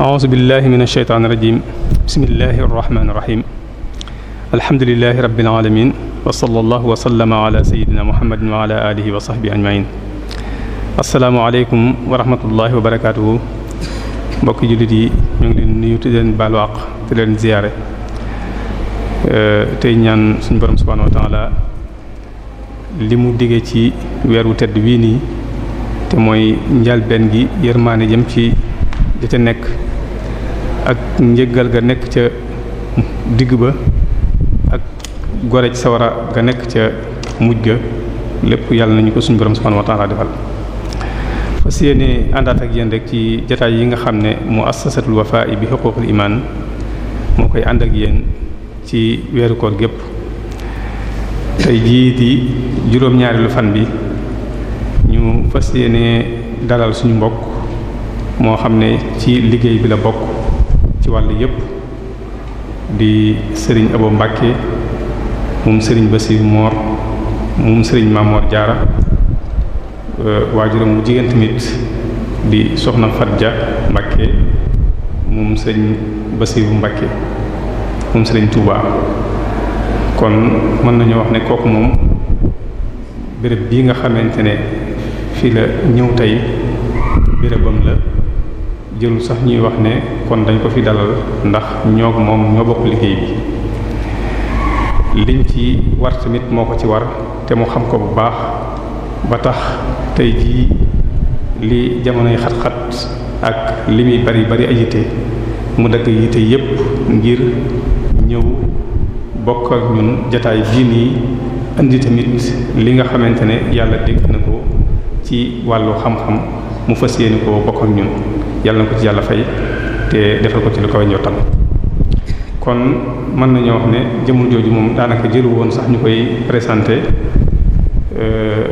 أعوذ بالله من الشيطان الرجيم بسم الله الرحمن الرحيم الحمد لله رب العالمين وصلى الله وسلم على سيدنا محمد وعلى آله وصحبه أجمعين السلام عليكم ورحمة الله وبركاته mbokki jullit yi ñu ngi leen nuyu te leen baalu àq te leen ziyaare euh, tey ñaan suñu borom subhaanahu wa li mu diggee ci weeru tedd wii nii te mooy njalbeen gi yërmaane jëm ci di ca nekk ak njëggal ga nekk ca digg ba ak gore ci sawara ga nekk ca mujj ga lépp yàlla nañu ko suñu borom subhaanahu wa defal fas yéene àndaat ak yéen rek ci jataay yi nga xam ne mu assasatul Wafa'i bi xuququl iman moo koy ànd ak yéen ci weeru koor gépp tey jii di juróom-ñaareelu fan bi ñu fas yéene dalal suñu mbokk moo xam ne ci liggéey bi la bokk ci wàll yépp di sëriñ Abo Mbàkke moom sëriñ Basiir Moor moom sëriñ Maamoor Jaara Euh, waajuram mu jigéen tamit bi soxna Fadja Mbacke moom sëriñ Bassirou Mbacke moom sëriñ Touba kon mën nañu wax ne kooku moom béréb bii nga xamante ne fii la ñëw tey bérébam la jëlul sax ñuy wax ne kon dañ ko fi dalal ndax ñoo moom ñoo bokk liggéey bi liñ ci war tamit moo ko ci war te mu xam ko bu baax ba tax tey jii li jamonoy xat-xat ak li muy bari bari ay yitte mu dagg yitte yépp ngir ñëw bokk ak ñun jataay bii nii indi tamit li nga xamante ne yàlla dégg na ko ci wàllu xam-xam mu fas yéene ko bokk ak ñun yàlla na ko ci yàlla fay te defal ko ci lu koy njottam kon mën nañoo wax ne jëmul jooju moom daanaka jëlu woon sax ñu koy présenté euh,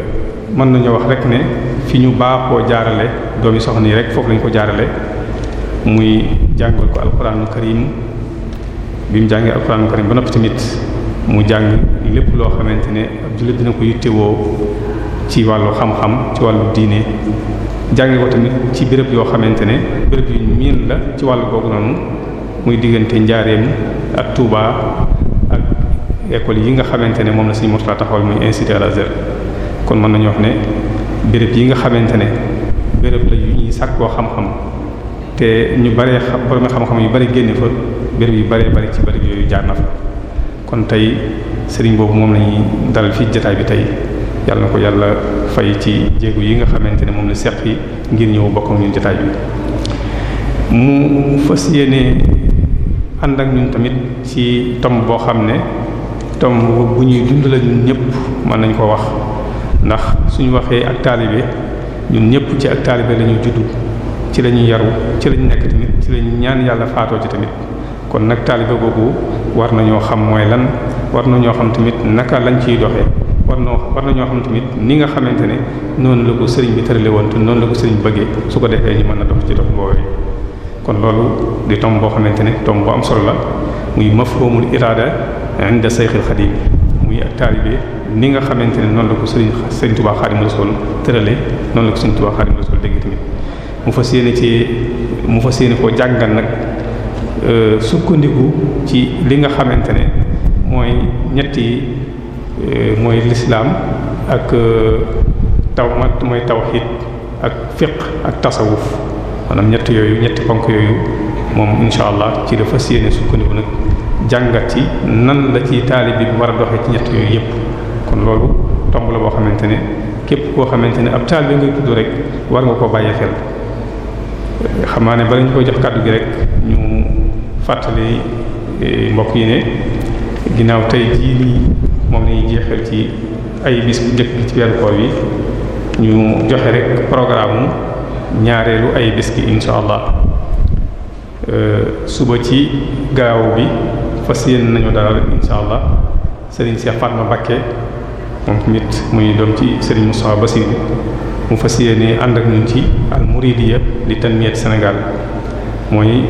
mën nañu wax rek ne fi ñu baaxoo jaarale doomi soxna yi rek foofu lañu ko jaarale muy jàngal ko alxuraanu karim jàngee alxuraanu karim ba noppi tamit mu jàng lépp loo xamante ne ab jullit dina ko yittewoo ci wàllu xam-xam ci wàllu diine jànge ko tamit ci béréb yoo xamante ne béréb yu miin la ci wàllu googu noonu muy diggante njaareem ak Touba ak école yi nga xamante ne moom la suñu Murtala taxawal muy incité à kon mën nañu wax ne béréb yi nga xamante ne béréb la yu ñuy koo xam-xam te ñu bare borom xam-xam yu bari génne fa béréb yu bare bari ci béréb yooyu jaar na fa kon tey sëriñ boobu moom lañuy dalal fii jotaay bi tey yàlla na ko yàlla fay ci jéegu yi nga xamante ne moom la seq yi ngir ñëw bokk ñun jotaay bi mu fas yéene ànd ak ñun tamit ci tomb boo xam ne tomb bu ñuy dund la ñun ñëpp mën nañ koo wax ndax suñu waxee ak taalibe ñu ñëpp ci ak taalibe la ñu juddu ci la ñu yaru ci la ñu nekk tamit ci la ñaan yàlla faatoo ci tamit kon nag taalibe boobu war na ñoo xam mooy lan war na ñoo xam tamit naka lañ ciy doxee war na war na ñoo xam tamit ni nga xamante ne noonu la ko sëriñ bi tërale woon te noonu la ko sëriñ bëggee su ko defee ñu mën a dox ci dox boobu kon loolu di tomb boo xamante ne tomb bu am solo la muy mafhumul irada inda Seyxul Xadim muy ak ni nga xamante ne noonu la ko sëriñ sëriñ Tuubaa Xaadimu Rasuul tërale noonu la ko sëriñ Tuubaa Xaadimu Rasuul dégg mu fas yéene ci mu fas yéene koo jàngal nag euh, sukkandiku ci li nga xamante ne mooy ñetti euh, mooy lislaam ak euh, taw mooy tawxiid ak fiq ak tasawuf maanaam ñett yooyu ñetti ponk yooyu moom incha allah ci la fas yéene sukkandiku nag jàngat yi nan la ci taalibe bi war a doxee ci ñett yooyu yëpp kon loolu tomb la boo xamante ne képp koo xamante ne ab taalibe ngay tudd rek war nga koo bàyyee xel xam ne bala ñu koy jox kàddu gi rek ñu fàttali eh, mbokk yi ne ginnaaw tey jii nii moom la ñuy jeexal ci ay bis bu njëkk ci weeru koor yi ñu joxe rek programme ñaareelu ay bis gi incha allah Euh, suba ci gaaw bi fa yéene nañu dalal incha allah sëriñ Cheikh Fatma Mbacké moom tamit muy doom ci sëriñ Moussa Bassir mu fas yéene ànd ak ñun ci al muridiya di tanmiyat Sénégal mooy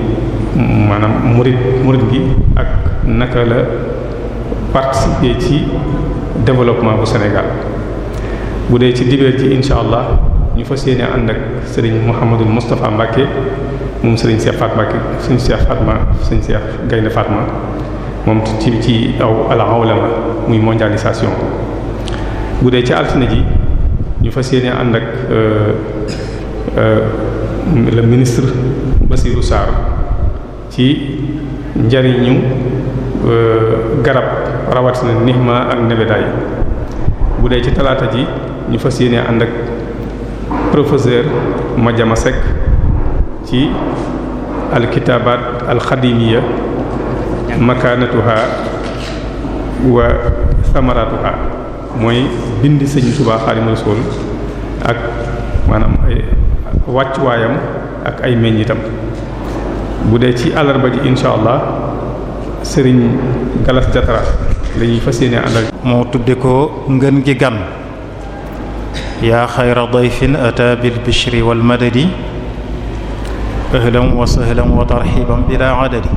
maanaam murid murid gi ak naka la participer ci développement bu Sénégal bu dee ci dibéer ci incha allah ñu fas yéene ànd ak sëriñ Mouhamadul Moustapha Mbacké moom sëriñ Cheikh Fatma ak sëriñ Cheikh Fatma sëriñ Cheikh Gaynde Fatma moom ci ci aw alawla la muy mondialisation bu dee ci altine ji ñu fas yéene ànd ak euh, euh, le ministre Bassirou Sarr ci njariñu euh, garab rawatina nixma ak nebedaay bu dee ci talaata ji ñu fas yéene ànd ak professeur Madiama ci alkitaabaat alxadimiya makaanatuha wa samaratuha mooy bind sëñ Tuubaa Xaadimu Rasuul ak maanaam ay wàccuwaayam ak ay meññitam bu dee ci àllarba ji incha allah sëriñ Galas Jatara lañuy ñuy fas yéene àndal. moo tudde ko ngën gi gan yaa xayra dayfin ata bil bishri wal ahlan wa sahlan wa tarxiban bilaa adadi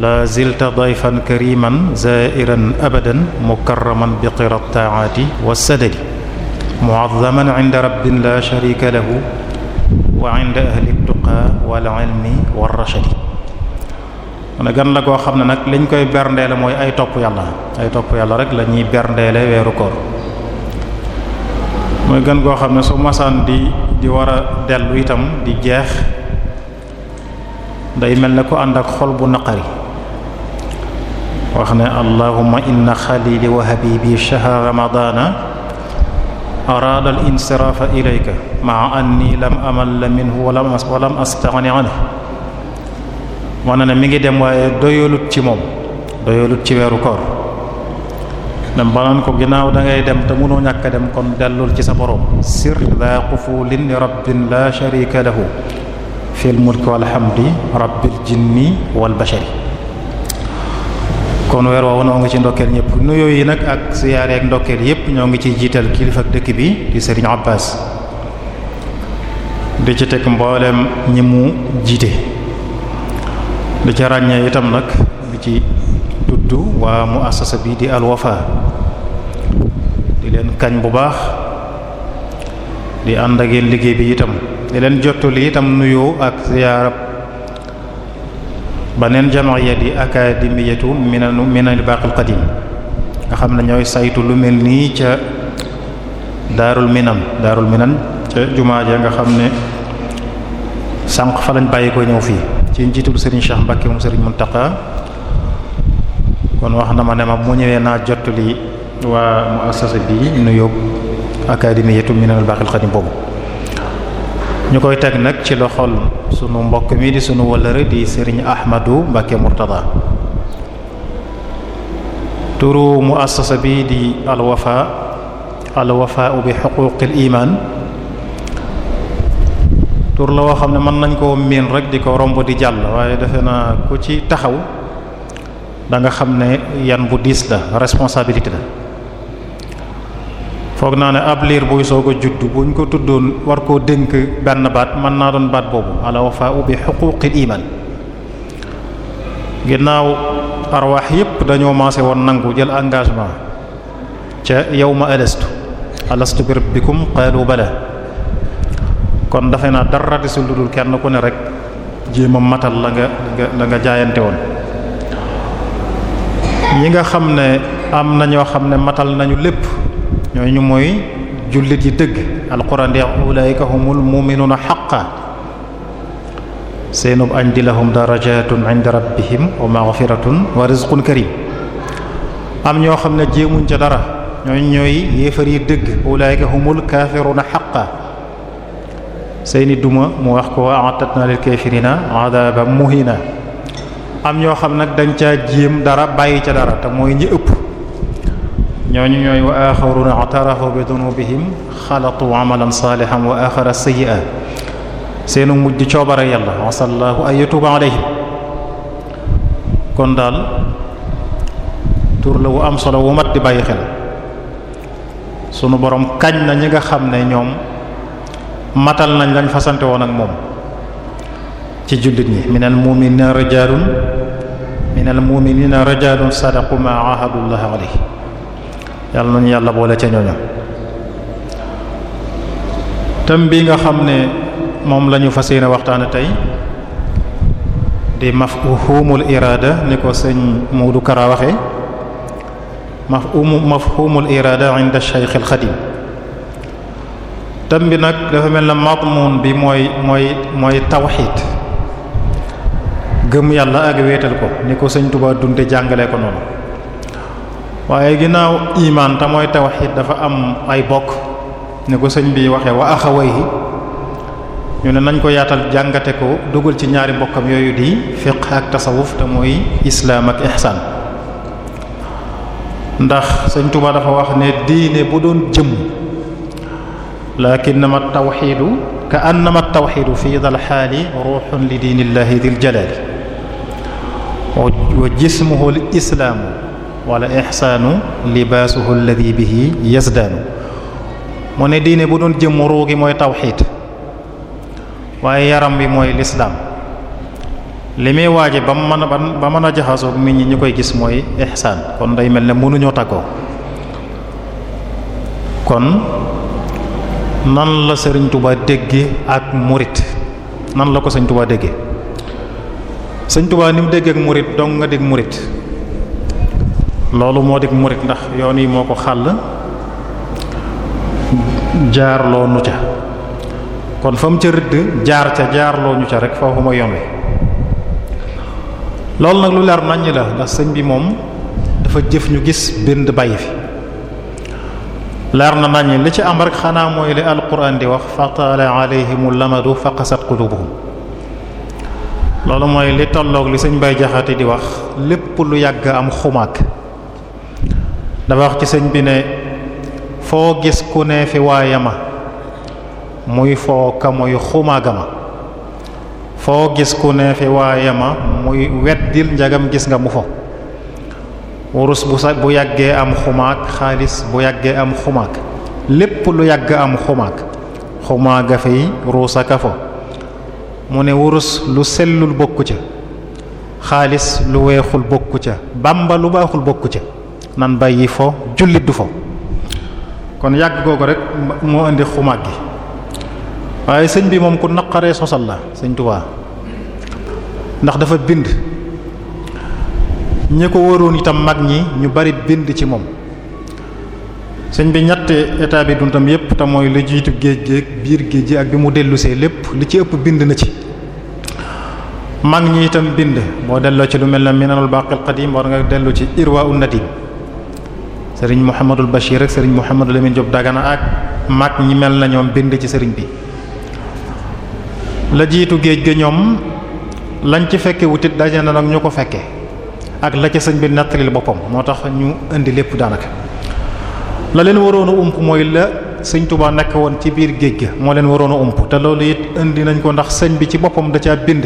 laa zilta dayfan kariman zairan abadan mukarraman bi qira taaati wassadadi muazzaman inda rabbin la sharika lahu wa inda ahli tuqaa wal ilmi war rashadi ne gan la koo xam ne nag liñ koy berndeele mooy ay topp yàlla ay topp yàlla rek la ñuy berndeele weeru koor mooy gën goo xam ne su masaan di di wara a dellu itam di jeex day mel ne ku ànd ak xol bu naqari wax ne allahumma inna xalili wa habibi shahra ramadana araada al insirafa ilayka maa anni lam amalla minhu walam walam astagni anhu ne mi ngi dem waaye doyalut ci moom doyalut ci weeru koor dem ba naan ko ginnaaw da dem te mënoo ñàkk a dem kon dellul ci sa borom sir daa qufulin li rabbin la sharika lahu fil mulki wal rabbil jinni wal kon weer woowu noo ngi ci ndokkeel ñëpp nuyoo yi nag ak siyaare ak ndokkeel yëpp ñoo ngi ciy jiital kilifa dëkk bi di Serigne Abbas di ci teg mboolem ñi mu jiite di ci ràññee itam nag di ci tudd waa muassasa bi di Al Wafa di leen kañ bu baax di ànd ak liggéey bi itam di leen jottali itam nuyoo ak ziyaarab beneen jamaaya di akademiyatu minal minal baaqil qadim nga xam ne ñooy saytu lu mel nii ca daarul minan daarul minan ca jumaa ja nga xam ne sànq fa lañ bàyyi ko ñëw fii ci njiitul Serigne Cheikh Mbacke moom Serigne Mountakha kon wax na ma ne ma bu ñëwee naa jottali waa muassasa bi nuyoo académiyatu minal baaxil xadim boobu ñu koy teg nag ci loxol sunu mbokk mi di sunu wëllëre di Serigne Ahmadou Mbacké Murtada turu muassasa bi di Al Wafa Al Wafa bi tur la woo xam ne mën nañ koo miin rek di ko romb di jàll waaye defe naa ku ci taxaw da nga xam ne yan bu diis la responsabilité la foog naa ne ab liir buy soog a judd buñ ko tuddoon war koo dénk benn baat mën naa doon baat boobu ala wafa u bi xuquqil iman ginnaaw arwaax yépp dañoo maase woon nangu jël engagement ca yawma alastu alastu bi rabbikum qaalu bala kon dafe naa dara desul lu dul kenn ku ne rek jéema matal la nga la nga jaayante woon ñi nga xam ne am na ñoo xam ne matal nañu lépp ñooñu mooy jullit yi dëgg alquran di ulaika humul mu'minuna haqqan seenub añ di lahum darajatun 'inda rabbihim wa maghfiratun wa rizqun karim am ñoo xam ne jéemuñ ca dara ñooñu ñooy yéefar yi dëgg ulaika humul kafiruna haqqan seeni duma mu wax ko wa a'tadna lil kafirina 'adaban muhina am ñoo xam nag dañ caa jéem dara bàyyi ca dara te mooy ñi ëpp ñooñu ñooy wa axaruna atarafu bi dunubihim xalatu amalan saalihan wa axara sayyi'a seenu mujj coobara kon daal tur la am solo wu mat di bàyyi xel sunu borom kañ na ñi nga xam ne ñoom matal nañ lañ fasante woon ak moom ci jullit ñi minal mu'minina rijalun minal mu'minina rijalun sadaqu ma ahadullah alayhi yàlla nañu yàlla boole ca ñooñu thème bi nga xam ne moom lañu ñu fas yéene waxtaane tey di mafhumul irada ni ko sëñ Modou Kara waxee mafhum mafhumul irada inda Cheikh al Khadim thème bi nag dafa mel mooy mooy mooy gëm yàlla ak wéetal ko ni ko sëñ Tuubaa dunte jàngale ko noonu waaye ginnaaw imaan te mooy tawxiid dafa am ay bokk ni ko sëñ bi waxe wa axawayhi ñu ne nañ ko yaatal jàngate ko dugal ci ñaari mbokkam yooyu di fiqh ak tasawuf te mooy islaam ak ihsaan ndax sëñ Tuubaa dafa wax ne diine bu doon jëm lakinnama tawxiidu ka annama tawxiidu fi dal xaali ruuxun li diinillahi dil jalaali wa jismuhu l islaamu wala ixsaanu libaasuhu alladi bihi yasdaanu mu ne diine bu doon jëmm ruu gi mooy tawxiid waaye yaram wi mooy lislaam li muy waaje ba mën a ba mën a jaxasoog nit ñi ñu koy gis mooy ixsaan kon day mel ne mënuñoo takkoo kon nan la Sëriñ Tuba dégge ak murit nan la ko Sëriñ Tuba dégge sëñ Tuubaa ni mu dégg ak murit dong nga dégg murit loolu moo dégg murit ndax yoon yi moo ko xàll jaarloo nu ca kon fa mu ca rëdd jaar ca jaarloo ñu ca rek foofu ma yoon wi loolu nag lu laar naññ la ndax sëñ bi moom dafa jëf ñu gis bind bàyyi fi leer na naññ li ci am rek xanaa mooy li alquran di wax fa taala alayhimul amadu fa qasat loolu mooy li tolloog li sëñ Baye Jaxate di wax lépp lu yàgg am xumaag dafa wax ci sëñ bi ne foo gis ku ne fi waayama muy foo ka muy xumaagama foo gis ku ne fi ma muy weddil njagam gis nga mu fo wurus bu sa bu yàggee am xumaag xaalis bu yàggee am xumaag lépp lu yàgg am xumaag xumaaga fi ruusaka fo mu ne wurus lu sellul bokk ca xaalis lu weexul bokku ca bàmba lu baaxul bokk ca nan bàyyi fo jullit du fo kon yàgg googu rek moo indi xumaag gi waaye sëñ bi moom ku naqaree sosal la sëñ Tuubaa ndax dafa bind ñi ko waroon itam mag ñi ñu bari bind ci moom sëñ bi ñett état bi dundam yépp te mooy lu jiitu géej géej biir géej gi ak bi mu dellusee lépp li ci ëpp bind na ci mag ñi itam bind boo delloo ci lu mel ne minanul baqil qadim war nga dellu ci irwaa'un nadim sëriñ Mouhamadul Bachir ak sëriñ Mouhamadul Lamine job Dagana ak mag ñi mel na ñoom bind ci sëriñ bi la jiitu géej gi ñoom lañ ci fekke wutit daje na nag ñu ko fekke ak la sëñ bi nattalil boppam moo tax ñu indi lépp daanaka la leen waroon ump mooy la sëñ Touba nekk woon ci biir géej ga moo leen waroon a ump te loolu it indi nañ ko ndax sëñ bi ci boppam da caa bind.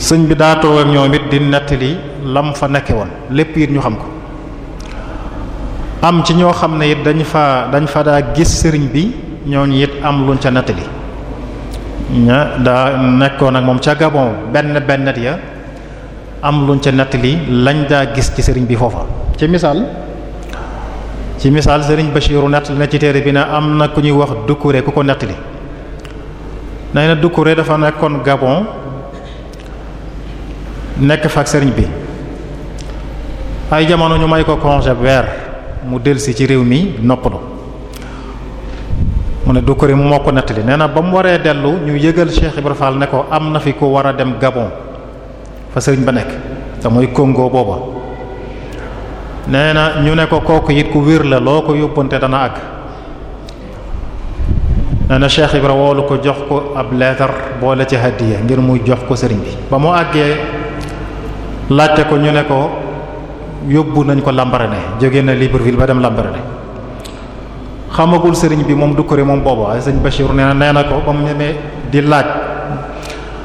sëñ bi daa toog ak ñoom it di nettali lam fa nekke woon lépp it ñu xam ko am ci ñoo xam ne it dañ fa dañ fa daa gis sëriñ bi ñooñu it am luñ ca nettali ña daa nekkoon ak moom ca Gabon benn benn ya am luñ ca nettali lañ daa gis ci sëriñ bi foofa ci misaal ci misaal sëriñ Bachiru nettali na ci téere bi ne am na ku ñuy wax Dukkure ku ko nettali nee na Dukkure dafa nekkoon Gabon nekk fa sëriñ bi ay jamono ñu may ko congé weer mu delsi ci réew mi noppalu mu ne Dukkure mu moo ko nettali nee na ba mu waree dellu ñu yëgal Cheikh Ibrahima Fall ne ko am na fi ku war a dem Gabon fa sëriñ ba nekk te mooy Congo booba nee na ñu ne ko kooku it ku wiir la loo ko yóbbante dana àgg nee na Cheikh Ibra woolu ko jox ko ab leetar boole ci hadiya ngir muy jox ko sëriñ bi ba mu àggee laajte ko ñu ne ko yóbbu nañ ko Lambaréné jóge na Libreville ba dem Lambaréné xamagul sëriñ bi moom du ko moom boobu waaye sëñ Bachir nee na nee na ko ba mu ñemee di laaj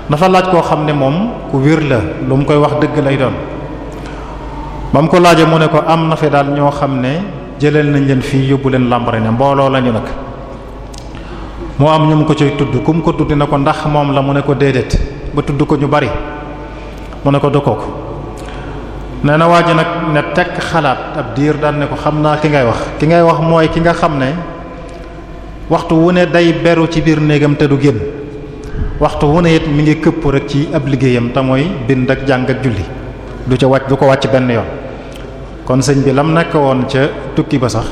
dafa laaj koo xam ne moom ku wiir la lu mu koy wax dëgg lay doon ba ko laajee mu ne ko am na fi daal ñoo xam ne jëleel nañ leen fii yóbbu leen làmbari ne mbooloo lañu nag moo am ñu mu ko cay tudd ku ko tudd na ko ndax moom la mu ne ko déedéet ba tudd ko ñu bari mu ne ko dokkoo ko nee na waa ji nag ne tekk xalaat ab diir daan ne ko xam naa ki ngay wax ki ngay wax mooy ki nga xam ne waxtu wu ne day beru ci biir néegam te du génn waxtu wu ne it mi ngi këpp rek ci ab liggéeyam te mooy bind ak jàng ak julli du ca wàcc du ko wàcc benn yoon kon sëñ bi lam nekk woon ca tukki ba sax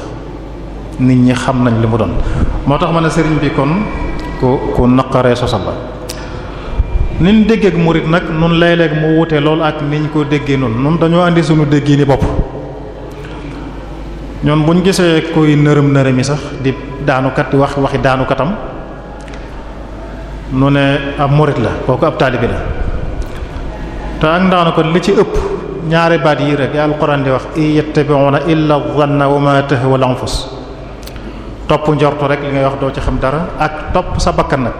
nit ñi xam nañ li mu doon moo tax ma ne sëriñ bi kon ku ku naqaree sosal la niñ déggee ak murit nag nun lay léeg mu wute loolu ak niñ ko déggee noonu nun dañoo indi suñu déggini bopp ñoon buñ gisee kuy nërëm yi sax di daanukat di wax waxi daanukatam nu ne ab murit la kooku ab taalibe la te ak daanukat li ci ëpp ñaari baat yi rek alquran di wax in yattabi'una illa dhanna wa ma tahwa al-anfus topp njortu rek li ngay wax doo ci xam dara ak topp sa bakkan nag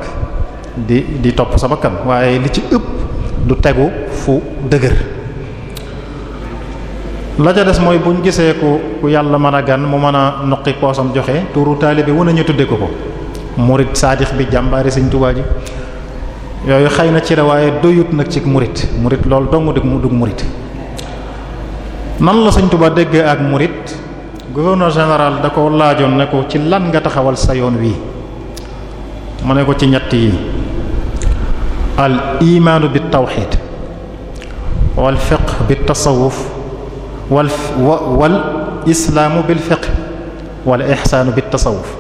di di topp sa bakkan waaye li ci ëpp du tegu fu dëgër la ca des mooy buñ gisee ku ku yàlla mën a gan mu mën a noqi poosam joxe turu taalibe wu nañu tudde ko ko murit saadix bi jàmbaari Sëriñ Tuubaa ji yooyu xëy na ci la waaye doyut nag ci murit murit loolu dong dug mu dug murit nan la sëñ Tuba déggee ak murit gouverneur général da ko laajoon ne ko ci lan nga taxawal sa yoon wii mu ne ko ci ñett yi al imaanu bi tawxiid wal fiq bi tasawuf wal wal islaamu bi fiq wal ixsaanu bi tasawuf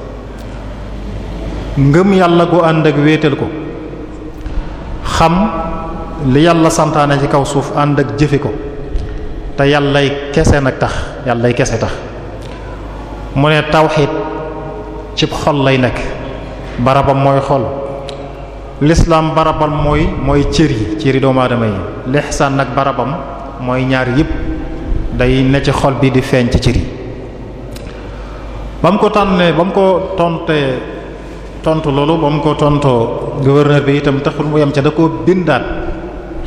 ngëm yàlla gu ànd ak wéetal ko xam li yàlla santaane ci kaw suuf ànd ak jëfe ko te yàllay kese nag tax yàllay kese tax mu ne tawxiid cib xol lay nekk barabam mooy xol lislaam barabam mooy mooy cër yi cër yi doomu aadama yi lixsaan ak barabam mooy ñaar yépp day ne ci xol bi di feeñ ci cër yi ba mu ko tànnee ba mu ko tontee tontu loolu ba mu ko tontoo gouverneur bi itam taxul mu yem ca da koo bindaat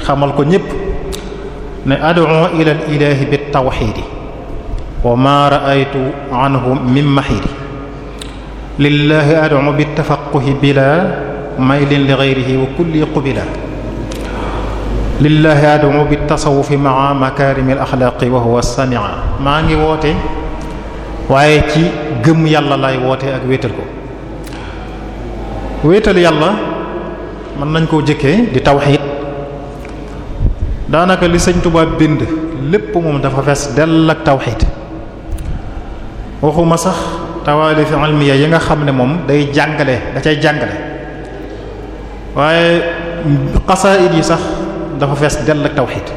xamal ko ñépp ne ad'u ila al ilahi bit wa ma ra'aytu min maxiidi lillahi ad'u bit tafaqquhi bila maylin li ghayrihi wa kulli qubila lillahi ad'u bit tasawufi ma'a makarimil axlaaqi wa huwa sami'a maa ngi woote waaye ci gëm yàlla lay woote ak wéetal ko wéetal yàlla mën nañ koo jëkkee di tawxiid daanaka li sëñ Tuubaa bind lépp moom dafa fees dell ak tawxiid waxuma sax tawaalif ilmiya yi nga xam ne moom day jàngale da cay jàngale waaye xasaayid yi sax dafa fees dell ak tawxiid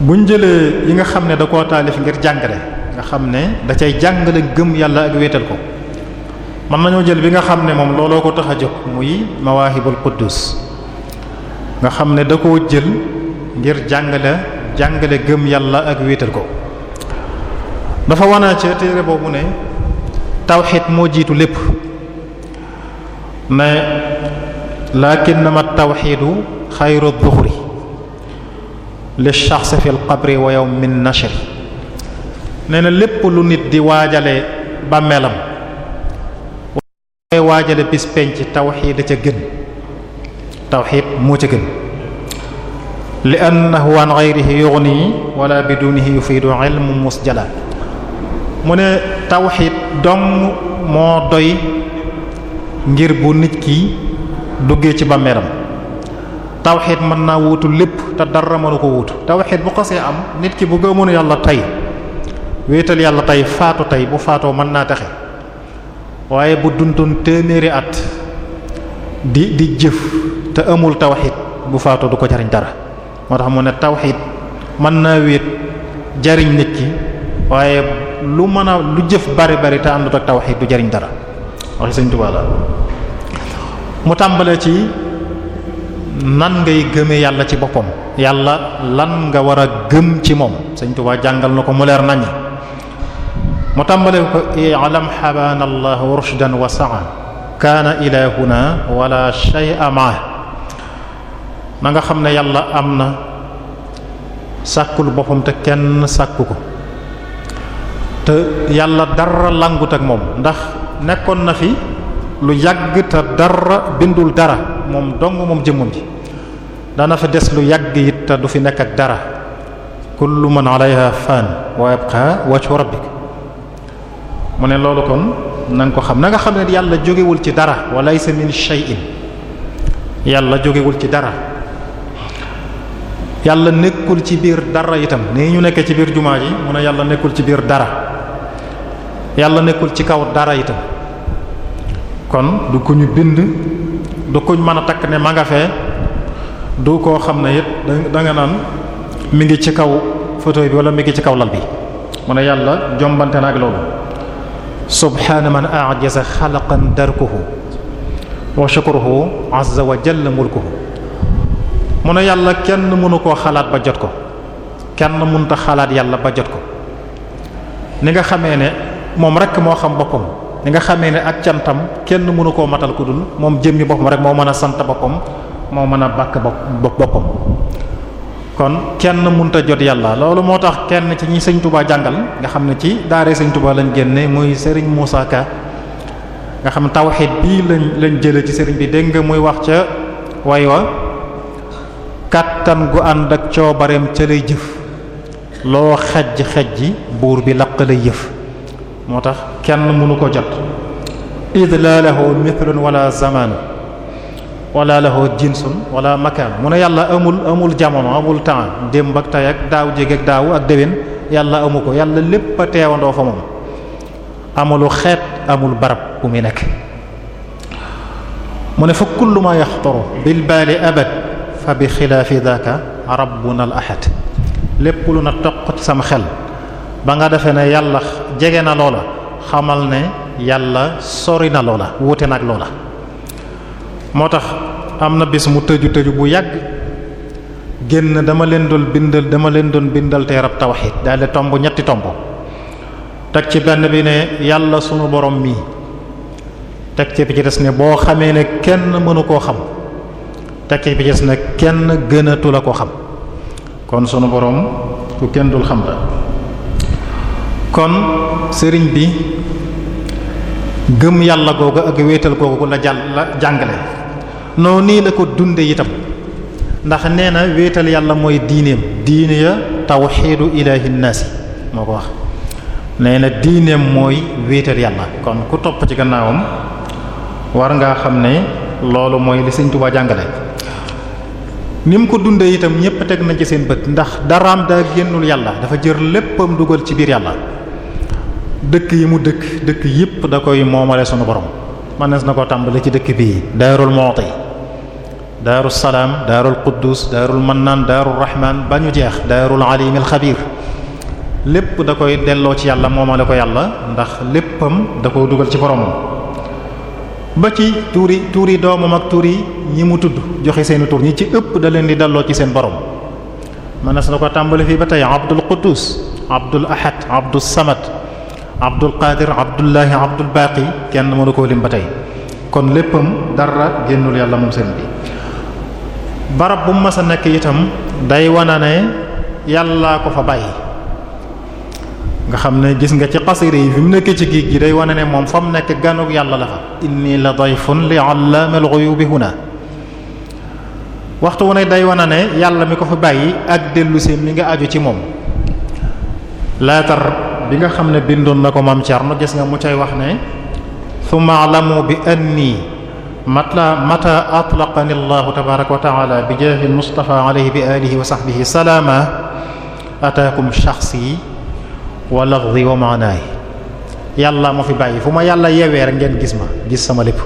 buñ jëlee yi nga xam ne da koo taalif ngir jàngale nga xam ne da cay jàngale gëm yàlla ak wéetal ko mën nañoo jël bi nga xam ne moom looloo ko tax a jóg muy mawaahibul quddus nga xam ne da koo jël ngir jàngale jàngale gëm yàlla ak wéetal ko dafa wana ci téere boobu ne tawxid moo jiitu lépp ne lakinnama tawxidu xayru duxuri li shaxs fi lqabri wa yawmin nashri na lépp lu nit di waajale bàmmeelam waaye waajale bis penc tawxid ca gën tawxiid moo ca gën li annahu an ghayrihi yughni wala bidunihi yufidu ilmu musjala mu ne tawxiid dong moo doy ngir bu nit ki duggee ci bàmmeeram tawxiit mën naa wuutu lépp te dara mënu ko wuut tawxiid bu xasee am nit ki bu gëmoon yàlla tey wéetal yàlla tey faatu tey bu faatoo mën naa texe waaye bu dundoon téeméeri at di di jëf te amul tawxid bu faatoo du ko jariñ dara moo tax mu ne tawxid mën naa wéet jariñ nit ki waaye lu mën a lu jëf bari bari te àndut ak tawxid du jariñ dara waxi Sëriñ Tuubaa la mu tàmbalee ci nan ngay gëmee yàlla ci boppam yàlla lan nga war a gëm ci moom Sëriñ Tuubaa jàngal na ko mu leer naññ mu tàmbalee ko i'lam xabaana allah rushdan wa sa'a kaana ilaahuna wala shay'a ma na nga xam ne yàlla am na sàkkul boppam te kenn sàkku ko te yàlla dara langut ak moom ndax nekkoon na fi lu yàgg te dara bindul dara moom dong moom jëmmam ji dana fi des lu yàgg it te du fi nekk ak dara kullu man alayha fan wa yabqa wajhu rabbik mu ne loolu kon na nga ko xam nanga xam ne yàlla jógewul ci dara wa laysa min shay'in yàlla jógewul ci dara yàlla nekkul ci biir dara itam nii ñu nekk ci biir jumaa ji mu yàlla nekkul ci biir dara yàlla nekkul ci kaw dara itam kon du ko ñu bind du kuñ mën a takk ne ma nga fee du koo xam ne it da naan mu ngi ci kaw fauteuil bi wala mi ngi ci kaw lal bi mu ne yàlla jombante na ak loolu subhaana man a'jaza xalaqan darkuhu wa shukruhu azza wa jalla mulkuhu mu ne yàlla kenn mënu koo xalaat ba jot ko kenn mënta xalaat yàlla ba jot ko ni nga xamee ne moom rek moo xam boppam ni nga xamee ne ak cantam kenn mënu koo matal ku dul moom jëmmi boppam rek moo mën a sant boppam moo mën a bàkk boppam kon kenn mënut a jot yàlla loolu moo tax kenn ci ñi sëñ Touba jàngal nga xam ne ci daare sëñ Touba lañ génne muy Serigne Moussa Ka nga xam ne tawxiid bii lañ lañ jëlee ci sëriñ bi dégg nga muy wax ca way wa kattan gu ànd ak coobareem ca lay jëf loo xejj xejji buur bi laq lay yëf moo tax kenn mënu ko jot id la lahu mithlun wala wala lahu jinsun wala makaan mu ne yàlla amul amul jamono amul temps démb ak tay ak daaw jéeg ak daaw ak déwén yàlla amu ko yàlla lépp a teewandoo fa moom amulu xeet amul barab bu muy nekk mu ne fa kullu ma yaxtaru bil baali abad fa bi xilaafi daaka rabbuna al lépp lu na toq ci sama xel ba nga defee ne yàlla jege na loola xamal ne yàlla sori na loola wuute nag loola moo tax am na bis mu tëju tëju bu yàgg génn dama leen doon bindal dama leen doon bindal teerab tawxiid daldi tomb ñetti tomb teg ci benn bi ne yàlla sunu borom mi teg ci bi ci des ne boo xamee ne kenn mënu koo xam teg ci bi des ne kenn gënatu la koo xam kon sunu borom ku kenn dul xam la kon sëriñ bi gëm yàlla googu ak wéetal googu la jàll la jàngale noonu nii la ko dunde itam ndax nee na wéetal yàlla mooy diineem diine ya tawxiidu ilaahi naasi moo ko wax nee na diineem mooy wéetal yàlla kon ku topp ci gannaawam war nga xam ne loolu mooy li Sëriñ Tuubaa jàngale ni mu ko dundee itam ñépp teg nañ ci seen bët ndax daraam daa génnul yàlla dafa jër léppam dugal ci biir yàlla dëkk yi mu dëkk dëkk yépp da koy moomale sunu borom mënees na ko tàmbali ci dëkk bii Daarul Muxti daaru salaam daarul quddus daarul mannaan daarul rahmaan ba ñu jeex daarul alimil xabiir lépp da koy delloo ci yàlla moomale ko yàlla ndax léppam da ko dugal ci boromam ba ci tuuri tuuri doomam ak tuuri ñi mu tudd joxe seeni tur ñi ci ëpp da leen di delloo ci seen borom mënees na ko tàmbali fii ba tey abdul quddus abdul ahad abdul samad abdul qadir abdullahi abdul baaqi kenn mënu koo lim ba tey kon léppam dara génnul yàlla moom seen bi barab bu mu mës nekk itam day wane ne yàllaa ko fa bàyyi nga xam ne gis nga ci xasida yi fi mu nekk ci géej gi day wane ne moom fa mu nekk ganug yàlla la fa inni la dayfun li allaamil ghuyubi huna waxtu wu ne day wane ne yàlla mi ko fa bàyyi ak dellusi mi nga aju ci moom laatar bi nga xam ne bindoon na ko maam Thierno gis nga mu cay wax ne thumma alamu bi nii mata mata atlaqani allahu tabaraka wa taala bi jaahi almustafa alayhi bi alihi wa sahbihi salaama ataakum shaxsi wa lafzi wa maanaay yàlla ma fi bàyyi fu ma yàlla yeewee rek ngeen gis ma gis sama lépp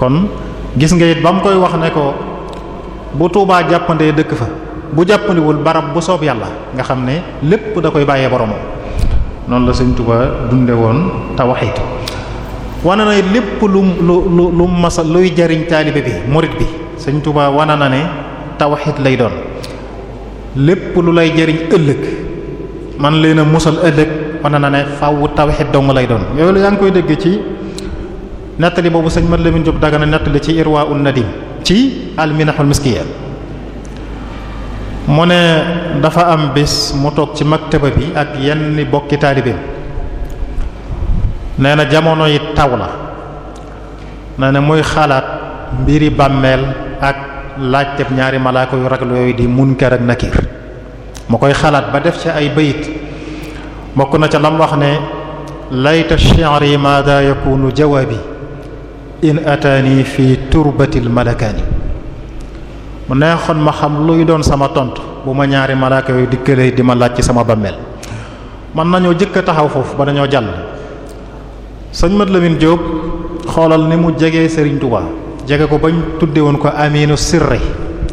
kon gis nga it ba mu koy wax ne ko bu tuubaa jàppandee dëkk fa bu jàppandiwul barab bu soob yàlla nga xam ne lépp da koy bàyyee boromam noonu la Sëriñ Tuubaa dunde woon tawhiid wane na lépp lu lu lu masa luy jariñ taalibe bi murid bi Sëriñ Tuubaa wane na ne tawxiid lay doon lépp lu lay jariñ ëllëg man leen a musal ëllëg wane na ne faaw tawxiid dong lay doon yooyu yaa ngi koy dégg ci nettali boobu sëñ Mat Lamin Jóob Dagana nettali ci Irwa un Nadim ci alminahul miskiya mu ne dafa am bés mu toog ci maktaba bi ak yenn bokki taalibeem nee na jamono yi taw la nee na muy xalaat mbiri bàmmeel ak laajteb ñaari malaaka yu raglu yooyu di munkar ak nakir mu koy xalaat ba def ci ay bayit bokk na ca lam wax ne layta shi'ri maada yakunu jawaabi in ataani fi turbatil malakaani mu neexoon ma xam luy doon sama tont bu ma ñaari malaaka yooyu dikkalee di ma laaj ci sama bàmmeel mën nañoo jëkk a taxaw foofu ba dañoo jàll sëñ Mat Lamin Jóob xoolal ni mu jege sëriñ Tuubaa jege ko bañ tudde woon ko aminu sirri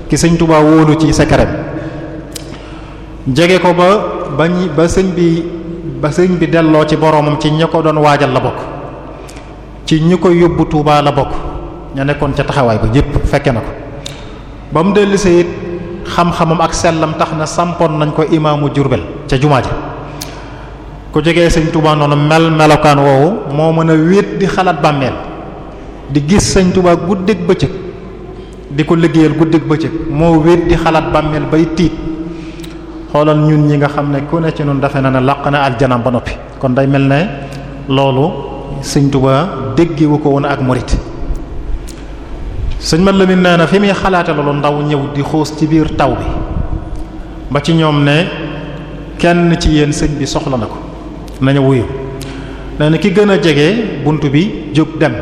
ki sëñ Tuubaa wóolu ci sekareem jege ko ba bañ ba sëñ bi ba sëñ bi delloo ci boromam ci ña ko doon waajal la bokk ci ñi ko yóbbu Tuubaa la bokk ña nekkoon ca taxawaay ba yépp fekke na ko ba mu dellisee it xam-xamam ak sellam tax na sampoon nañ ko imaamu Jurbel ca jumaa ja ku jege sëñ Touba noonu mel melokaan woowu moo mën a wéet di xalaat bàmmeel di gis sëñ Touba guddeeg bëccëg di ko liggéeyal guddeeg bëccëg moo wéet di xalaat bàmmeel bay tiit xoolal ñun ñi nga xam ne ku ne ci ñun defe na ne laq na aljanam ba noppi kon day mel ne loolu sëñ Touba déggewu ko woon ak morit sëñ man la mi nee na fi muy xalaate loolu ndaw ñëw di xoos ci biir taw bi ba ci ñoom ne kenn ci yéen sëñ bi soxla na ko nañu wuyu nee na ki gën a jege bunt bi jóg dem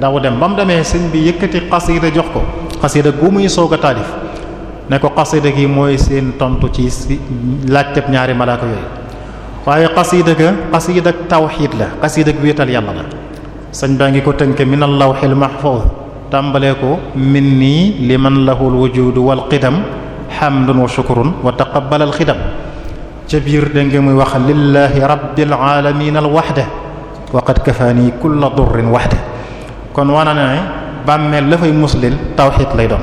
daw dem ba mu demee sëñ bi yëkkati xasida jox ko xasida gu muy soog a taalif ne ko xasida gi mooy seen tontu ci laajteb ñaari malaaka yooyu waaye xasida ga xasida tawxiid la xasida wéetal yàlla la sëñ baa ngi ko tënke min al-lawhil mahfuz tàmbalee ko min nii liman lahul wujudu wal qidam hamdun wa shukrun wa taqabbalal xidam ca biir da muy wax lillahi rabbil alamin al waxda wa qad kafaani kulla durrin waxda kon wane na ne bàmmeel la fay muslil tawxid lay doon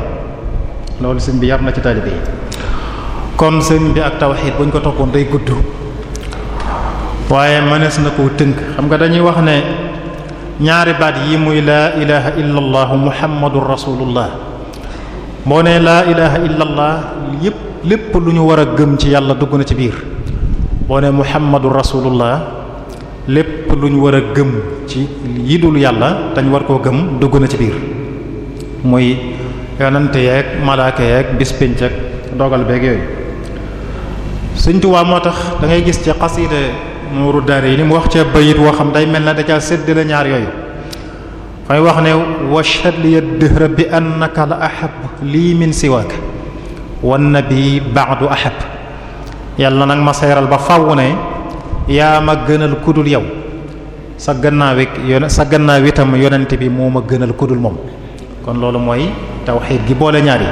loolu sëñ bi yar na ci taalibe yi kon sëñ bi ak tawxid buñ ko toppoon day gudd waaye mënees na koo tënk xam nga dañuy wax ne ñaari baat yi muy laa ilaha illa allah muhammadun rasulullah moo laa ilaha illa yépp lépp lu ñu war a gëm ci yàlla dugg na ci biir boo ne muhammadu rasulullah lépp lu ñu war a gëm ci yi dul yàlla dañu war koo gëm dugg na ci biir muy yonante yeeg malaaka yeeg bis pénc ak dogal beeg yooyu Sëriñ Tuubaa moo tax dangay gis ci xasida Nuuru Daarayni mu wax ca bayit woo xam day mel na da ca sédd la ñaar yooyu fay wax ne washhad li dëhra bi annaka la ahab lii min siwaak wan nabi ba'du ahab yàlla nag ma seeral ba fàww ne yaa ma gënal kudul yow sa gannaaw sa gannaaw itam yonent bi moo ma gënal kudul moom kon loolu mooy tawxiid gi boole ñaar yi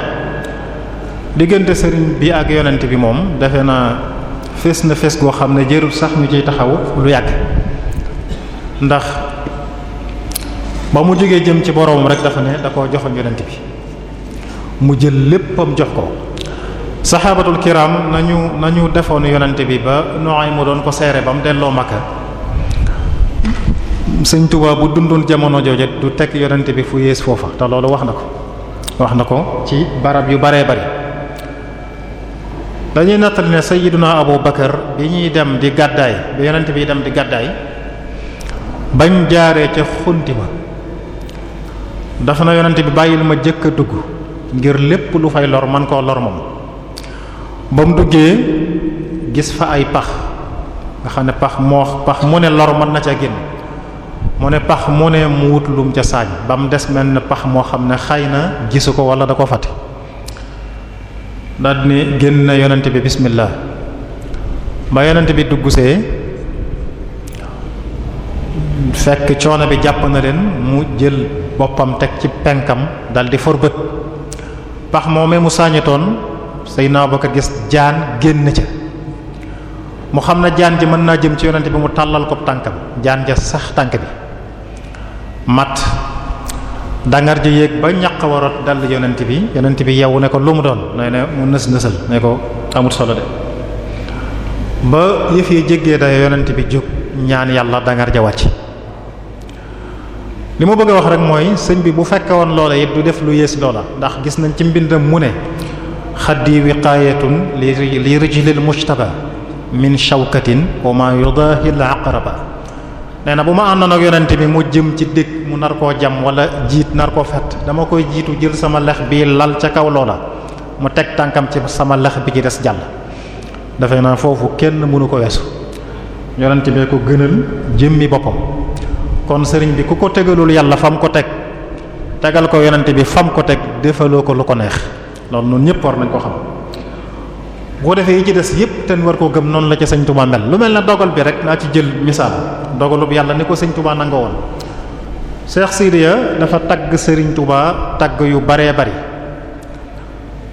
diggante sëriñ bi ak yonent bi moom defe naa fés na fés goo xam ne jërul sax ñu ciy taxaw lu yàgg ndax ba mu jógee jëm ci boroomam rek dafa ne da ko joxoon yonent bi mu jël léppam jox ko saxaabatul kiram nañu nañu defoon yonent bi ba nooy mu doon ko seere ba mu delloo Makka Sëriñ Tuubaa bu dundoon jamono jooje du teg yonent bi fu yées foofa te loolu wax na ko wax na ko ci barab yu baree bari dañuy nattal ne Sayyiduna Abu Bakar bi ñuy dem di gàddaay bi yonent bi dem di gàddaay bañ jaaree ca xunti ma dafa na yonent bi bàyyil ma jëkk a dugg ngir lépp lu fay lor man koo lor moom ba mu duggee gis fa ay pax nga xam ne pax moo pax mu ne lor mën na ca génn mu ne pax mu ne mu wut lum ca saañ ba mu des mel ne pax moo xam ne xay na gisu ko wala da ko fàtte daal ne génn na yonent bi bismillah ma yonent bi duggsee fekk coono bi jàpp na leen mu jël boppam teg ci penkam daldi di forbët pax moomee mu saañatoon Seydina ko gis jaan génn ca mu xam na jaan ji mën naa jëm ci yonent bi mu tàllal ko tànkam jaan ja sax tànk bi mat dangar ji yéeg ba ñaq warot dal yonent bi yonent bi yow ne ko lu mu doon ne ne mu nës nësal ne ko amut solo de ba yëf yi jéggee day yonent bi jóg ñaan yàlla dangar ja wàcc li ma bëgg a wax rek mooy sëñ bi bu fekke woon loola it du def lu yées loola ndax gis nañ ci mbindam mu ne xaddi wiqaayatun li rijlil mujtaba min shawkatin wa ma yudaahi al aqraba nee na bu ma àndoon ak yonent bi mu jëm ci dëkk mu nar koo jam wala jiit nar koo fet dama koy jiitu jël sama lex bi lal ca kaw loola mu teg tànkam ci sama lex bi ci des jàll dafay naa foofu kenn mënu ko weesu yonent bee ko gënal jëmmi boppam kon sëriñ bi ku ko tegalul yàlla fam ko teg tegal ko yonent bi fam ko teg defaloo ko lu ko neex loolu noonu ñëpp war nañ koo xam boo defee yi ci des yëpp te ñu war koo gëm noonu la ci sëñ Touba mel lu mel na dogal bi rek naa ci jël misaal dogalub yàlla ni ko sëñ Touba nangoo woon Cheikh Sidiya dafa tagg sëriñ Touba tagg yu baree bari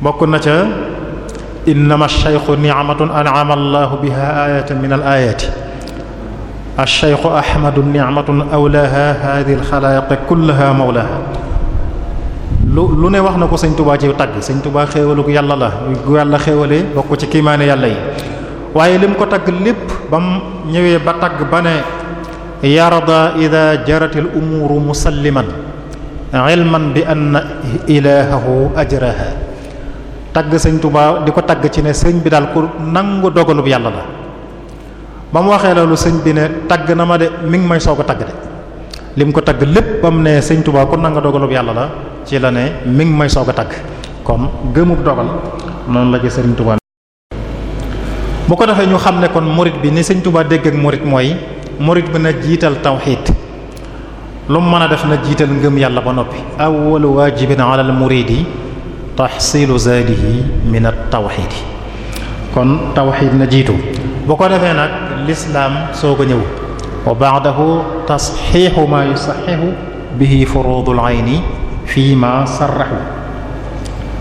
bokk na ca innama ash-shaykhu ni'matun an'ama Allahu biha ayatan min al-ayati ash-shaykhu ahmadu ni'matun awlaha hadhihi al-khalaiq kullaha mawlaha lu lu ne wax na ko sëñ tubaa ci tàgg sëñ Touba xéewalu yàlla la gu yàlla xéewalee bokk ci kiimaane yàlla yi waaye lim ko tagg lépp ba mu ñëwee ba tagg ba ne yarda ida jaratil umuru bi anna ilahahu ajraha tagg sëñ Touba di ko tagg ci ne sëñ bi daal ku nangu dogalub yàlla la ba waxee loolu sëñ bi ne tàgg na ma de mi ngi may soog a tagg de lim ko tagg lépp ba mu ne sëñ Touba ku nangu dogalub yàlla la ci la ne mi ngi may soo a takk kon gëmub dogal noonu la ci Sëriñ Tuubaa bu ko defee ñu xam ne kon murit bi ni Sëriñ Tuubaa dégg mooy murit bi na jiital tawxiid lu mu mën a def na jiital ngëm yàlla ba noppi awwalu waajibin alal muridi tahsilu zaadihi min at tawxiidi kon tawxiit na jiitu bu ko defee nag lislaam soog a ñëw wa ba'dahu tasxiixu maa yusaxixu bihi furuudul ayni fii ma sarraxu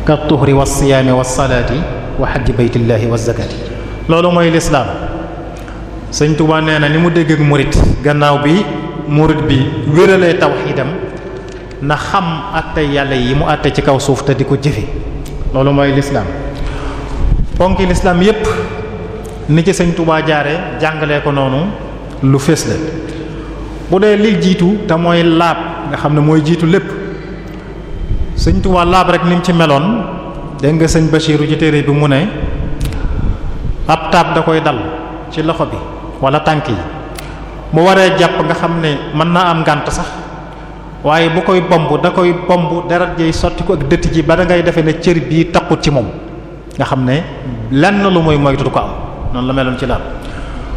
ka tuhri wa siyaami wa salaati wa xajji baytillaahi wa zakaati loolu mooy lislaam sëñ Tuubaa nee na ni mu dégg ak murit gannaaw bi murit bi wéralee tawxiidam na xam àtte yàlla yi mu àtte ci kaw suuf te di ko jëfe loolu mooy lislaam ponki lislaam yépp ni ci sëñ Tuubaa jaare jàngale ko noonu lu fees la bu dee li jiitu te mooy laab nga xam ne mooy jiitu lépp sëñ Tuubaa laab rek ni mu ci meloon dégg nga sëñ Bachiru ci téere bi mu ne ab taab da koy dal ci loxo bi wala tànk yi mu waree jàpp nga xam ne mën naa am ngànt sax waaye bu koy bomb da koy bomb deret jay sotti ko ak dëtt ji ba da ngay defee ne cër bii takkut ci moom nga xam ne lenn lu muy moytu du ko am noonu la meloon ci laab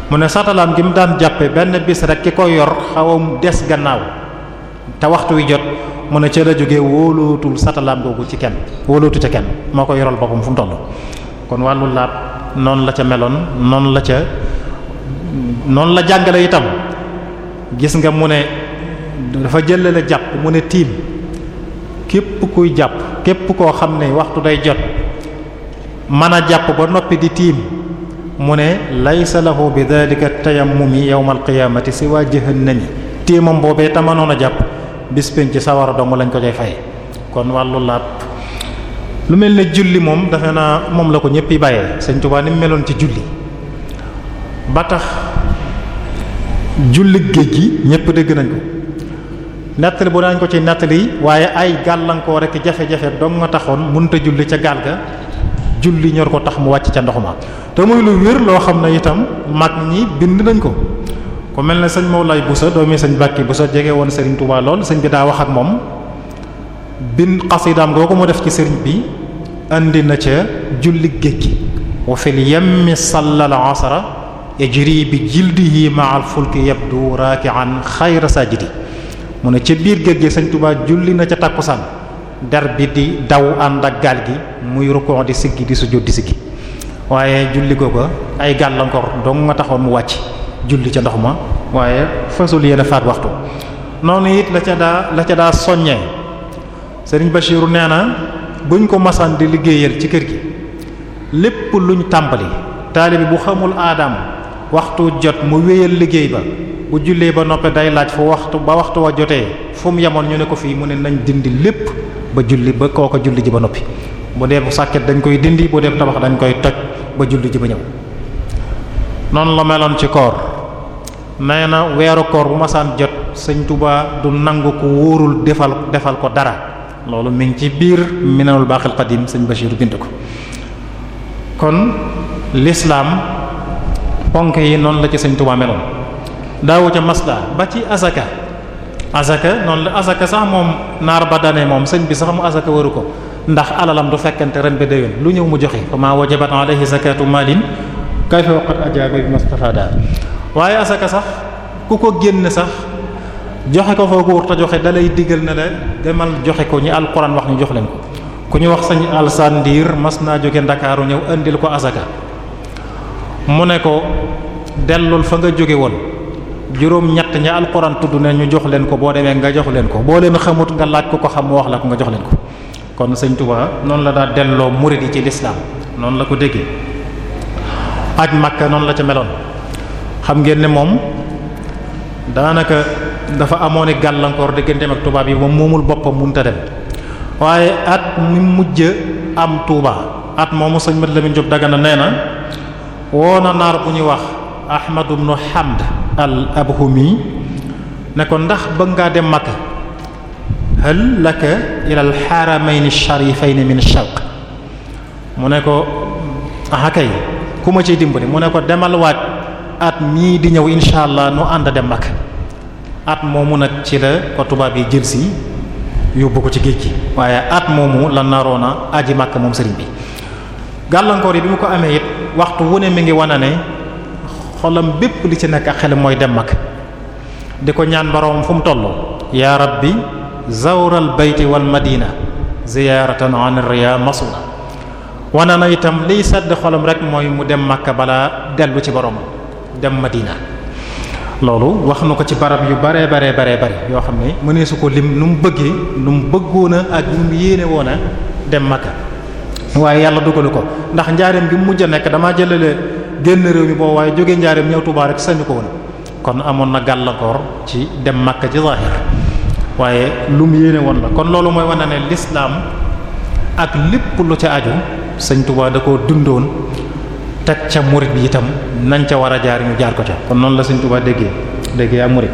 mu ne satalaam gi mu daan jàppe benn bis rek ki ko yor xawam des gannaaw te waxtu wi jot mu ne ca la jógee wóolootul satalaam googu ci kenn wóolootu ca kenn moo ko yoral boppam fu mu toll kon wàllu laab noonu la ca meloon noonu la ca noonu la jàngale itam gis nga mu ne dafa jëlale jàpp mu ne tiim képp kuy jàpp képp koo xam ne waxtu day jot mën jàpp ba noppi di tiim mu ne laysa lahu bi dhalika tayammumi yawmal qiyamati siwa jahannami tiimam boobee tamanoon a jàpp bis ci sawara dong lañ ko cay fay kon wàllu laab lu mel ne julli moom defe naa moom la ko ñëpp yi bàyyee Sëriñ Tuubaa ni meloon ci julli ba tax julli géej gi ñépp dégg nañ ko nettali bu daañ ko ci nettali waaye ay gàllankoor rek jafe-jafe dong nga taxoon mënta julli ca gaal ga julli ñor ko tax mu wàcc ca ndox ma te muy lu wér loo xam ne itam mag ñi bind nañ ko ku mel ne sëñ Mawlay Bousso doomi sëñ Bakki Bousso jege woon Serigne Touba lool sëñ bi daa wax ak moom bin xasidaam googu mu def ci sëriñ bi indi na ca julli géej gi wa fil yemmi sallal asara ejri bi jildihi ma al fulki yabdu raaki'an xayra sajidi mu ne ca biir géej gi sëñ Touba julli na ca takkusaan der bi di daw ànd ak gaal gi muy rukkoo di siggi di sujjóot di siggi waaye julli ko ay gàllankoor dong nga taxoon mu wàcc julli ca ndox ma waaye fasul yéen a faat waxtu noonu it la ca daa la ca daa soññee Serigne Bachiru nee na buñ ko masaan di liggéeyal ci kër gi lépp luñ tàmbali taalibi bu xamul aadam waxtu jot mu wéyal liggéey ba bu jullee ba noppe day laaj fu waxtu ba waxtu wa jotee fu mu yemoon ñu ne ko fii mu ne nañ dindi lépp ba julli ba kooka julli ji ba noppi bu dee bu sàkket dañ koy dindi bu dee bu tabax dañ koy toj ba julli ji ba ñëw noonu la meloon ci koor nee na weeru koor bu masaan jot sëñ Tuba du nangu ku wóorul defal defal ko dara loolu mi ngi ci biir minanul baaxil qadim sëñ Bachir bind ko kon lislaam ponk yi noonu la ci sëñ Tuba meloon daawu ca masla ba ci asaka asaka noonu la asaka sax moom naar ba dane moom sëñ bi sax mu asaka waru ko ndax alalam du fekkante ren ba déwén lu ñëw mu joxe fa ma wajabat alayhi zakatu malin kay fa waqat ajaaba bi mastafada waaye asaka sax ku ko génn sax joxe ko foo ko wurta joxe dalay diggal na la demal joxe ko ñi alquran wax ñu jox leen ko ku ñu wax sañ alsandiir mas naa jóge ndakaaru ñëw indil ko asaka mu ne ko dellul fa nga jóge woon juróom ñett ña alquran tudd na ñu jox leen ko boo demee nga jox leen ko boo leen xamut nga laaj ko ko xam mu wax la ko nga jox leen ko kon sañ Tuubaa noon la daal delloo murid yi ci lislaam noonu la ko ak Makka noonu la ca meloon xam ngeen ne moom daanaka dafa amoon i gàllankoor digganteem ak tubaab yi moom moomul boppam mënut a dem waaye at mu mujj am Touba at moomu sëñ Mat Lamin Jóob Dagana nee na woo na naar bu ñuy wax Ahmad ibn Hamd al Abhumi ne ko ndax bëgg ngaa dem Makka hal laka ila yi fay sharifayn min shawq mu ne ko ah ku ma ciy dimbali mu ne ko demal waaj at mii di ñëw incha allah nu ànd dem Makka at moomu nag ci la ko tubaab yi jël si yóbbu ko ci géej gi waaye at moomu la naroon a aji Makka moom sëriñ bi. gàllankoor yi bi mu ko amee it waxtu wu ne mi ngi wane ne xolam bépp li ci nekk ak xelam mooy dem Makka di ko ñaan boroom fu mu toll. yaa rabbi zawral bayti wal madina ziyaaratan an riya masuna wane na itam liy sedd xolam rek mooy mu dem Makka balaa dellu ci borom dem Madina loolu wax na ko ci barab yu baree baree baree bari yoo xam ne mënee su ko lim nu mu bëggee nu mu bëggoon a ak nu mu yéene woon dem Makka waaye yàlla dugalu ko ndax njaareem bi mu mujj a nekk damaa jëlale génn réew mi boo waaye jóge njaareem ñëw Tuubaa rek sañu ko woon kon amoon na gàllankoor ci dem màkk ci zaahir waaye lu mu yéene woon la kon loolu mooy wane ne lislaam ak lépp lu ca aju sëñ Touba da koo dundoon teg ca murit bi itam nañ ca war a jaar ñu jaar ko ca kon noonu la sëñ Touba déggee déggee ak murit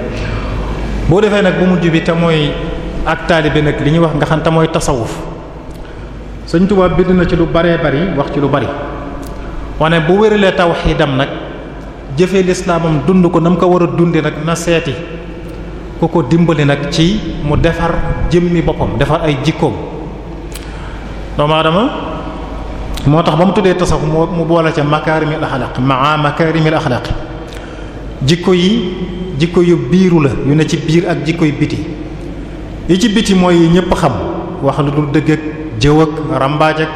boo defee nag bu mujj bi te mooy ak taalibe nag li ñuy wax nga xam te mooy tasawuf sëñ tubaa bind na ci lu baree bari wax ci lu bari wane bu wéralee tawxiidam nag jëfee lislaamam dund ko nam ko war a dundi nag na seeti ku ko dimbali nag ci mu defar jëmmi boppam defar ay jikkoom doomu aadama moo tax ba mu tuddee tasawuf mu boole ca makaarimil axlaq maa makaarimil axlaq jikko yi jikko yu biiru la yu ne ci biir ak jikko yu biti yi ci biti mooy yi ñëpp xam wax lu dul dëgg ak rambaaj ak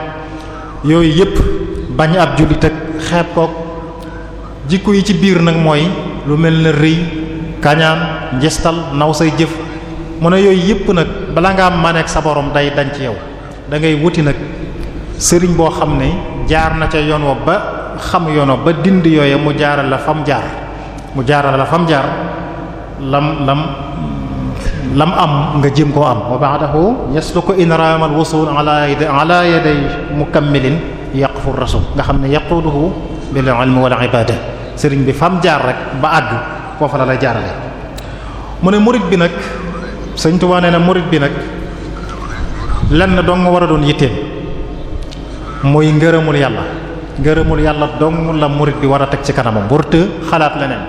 yooyu yëpp bañ ab jullit ak xeeb kook jikko yi ci biir nag mooy lu mel na rëy kañaan njistal naw say jëf mu ne yooyu yëpp nag bala ngaa maneek sa boroom day dañ ci yow dangay wuti nag sëriñ boo xam ne jaar na ca yoon wa ba xam yoon wa ba dind yooye mu jaaral la fam jaar mu jaaral la fam jaar lam lam am nga jëm koo am wa ba'dahu yasluku in raamal wusul ala yadi ala yaday mukammilin yaqfu rasul nga xam ne yaquduhu bil ilmi wal ibada sëriñ bi fam jaar rek ba àgg foofa la lay jaarale mu ne murid bi nag Sëriñ Tuubaa nee na murid bi nag lenn dong nga war a doon yitteem muy ngërëmul yàlla ngërëmul yàlla dong la murid bi war a teg ci kanamam warta xalaat leneen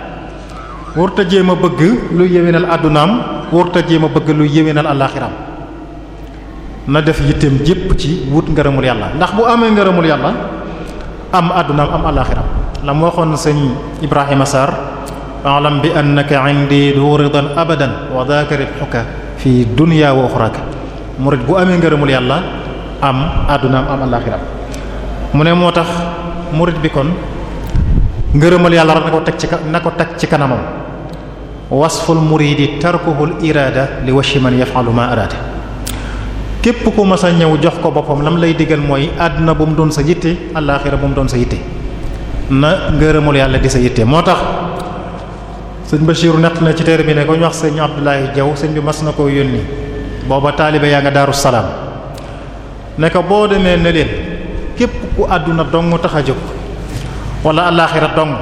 warta jéem ma bëgg lu yéwénal àddunaam warta jéem a bëgg lu yéwénal àllaaxiram na def yitteem jépp ci wut ngërëmul yàlla ndax bu amee ngërëmul yàlla am àddunaam am àllaaxiram la mu waxoon sëñ Ibrahima Sarr alam bi annaka indi du ridan abadan wa daaka fi dunya wa uxraka murid bu amee ngërëmul yàlla am àddunaam am àllaaxiram mu ne moo tax murid bi kon ngërëmal yàlla rek na ko teg ci na ko teg ci kanamam wasful muridi tarkuhul irada li washi man yaf'alu ma arada képp ku mas a ñëw jox ko boppam lam lay diggal mooy àdduna bu mu doon sa yitte alaaxira bu mu doon sa yitte na ngërëmul yàlla di sa yitte moo tax sëñ Bachir nett na ci téere bi ne ko ñu wax sëñ Abdoulaye Diaw sëñ bi mas na koo yónni booba taalibe yaa nga daaru salaam boo demee ne leen ku àdduna dong tax a jóg wala alaaxira dong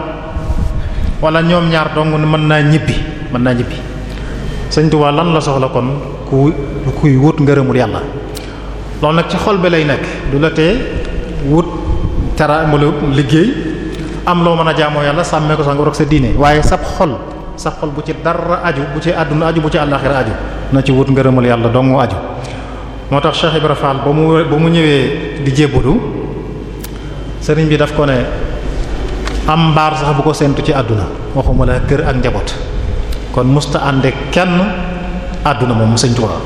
wala ñoom ñaar dong mën naa ñibbi mën naa ñibbi sëñ Tuubaa lan la soxla kon ku kuy wut ngërëmul yàlla loolu nag ci xol bi lay nekk du la tee wut tara mu liggéey am loo mën a jaamoo yàlla sàmmee ko sa ngor ak sa diine waaye sab xol sa xol bu ci dara aju bu ci àdduna aju bu ci àllaaxira aju na ci wut ngërëmul yàlla dong aju moo tax Cheikh Ibra ba mu ba mu ñëwee di jébbalu sëriñ bi daf ko ne am mbaar sax bu ko séntu ci àdduna waxuma la kër ak njaboot kon musta ànde kenn àdduna moom mu sëñ Tuubaa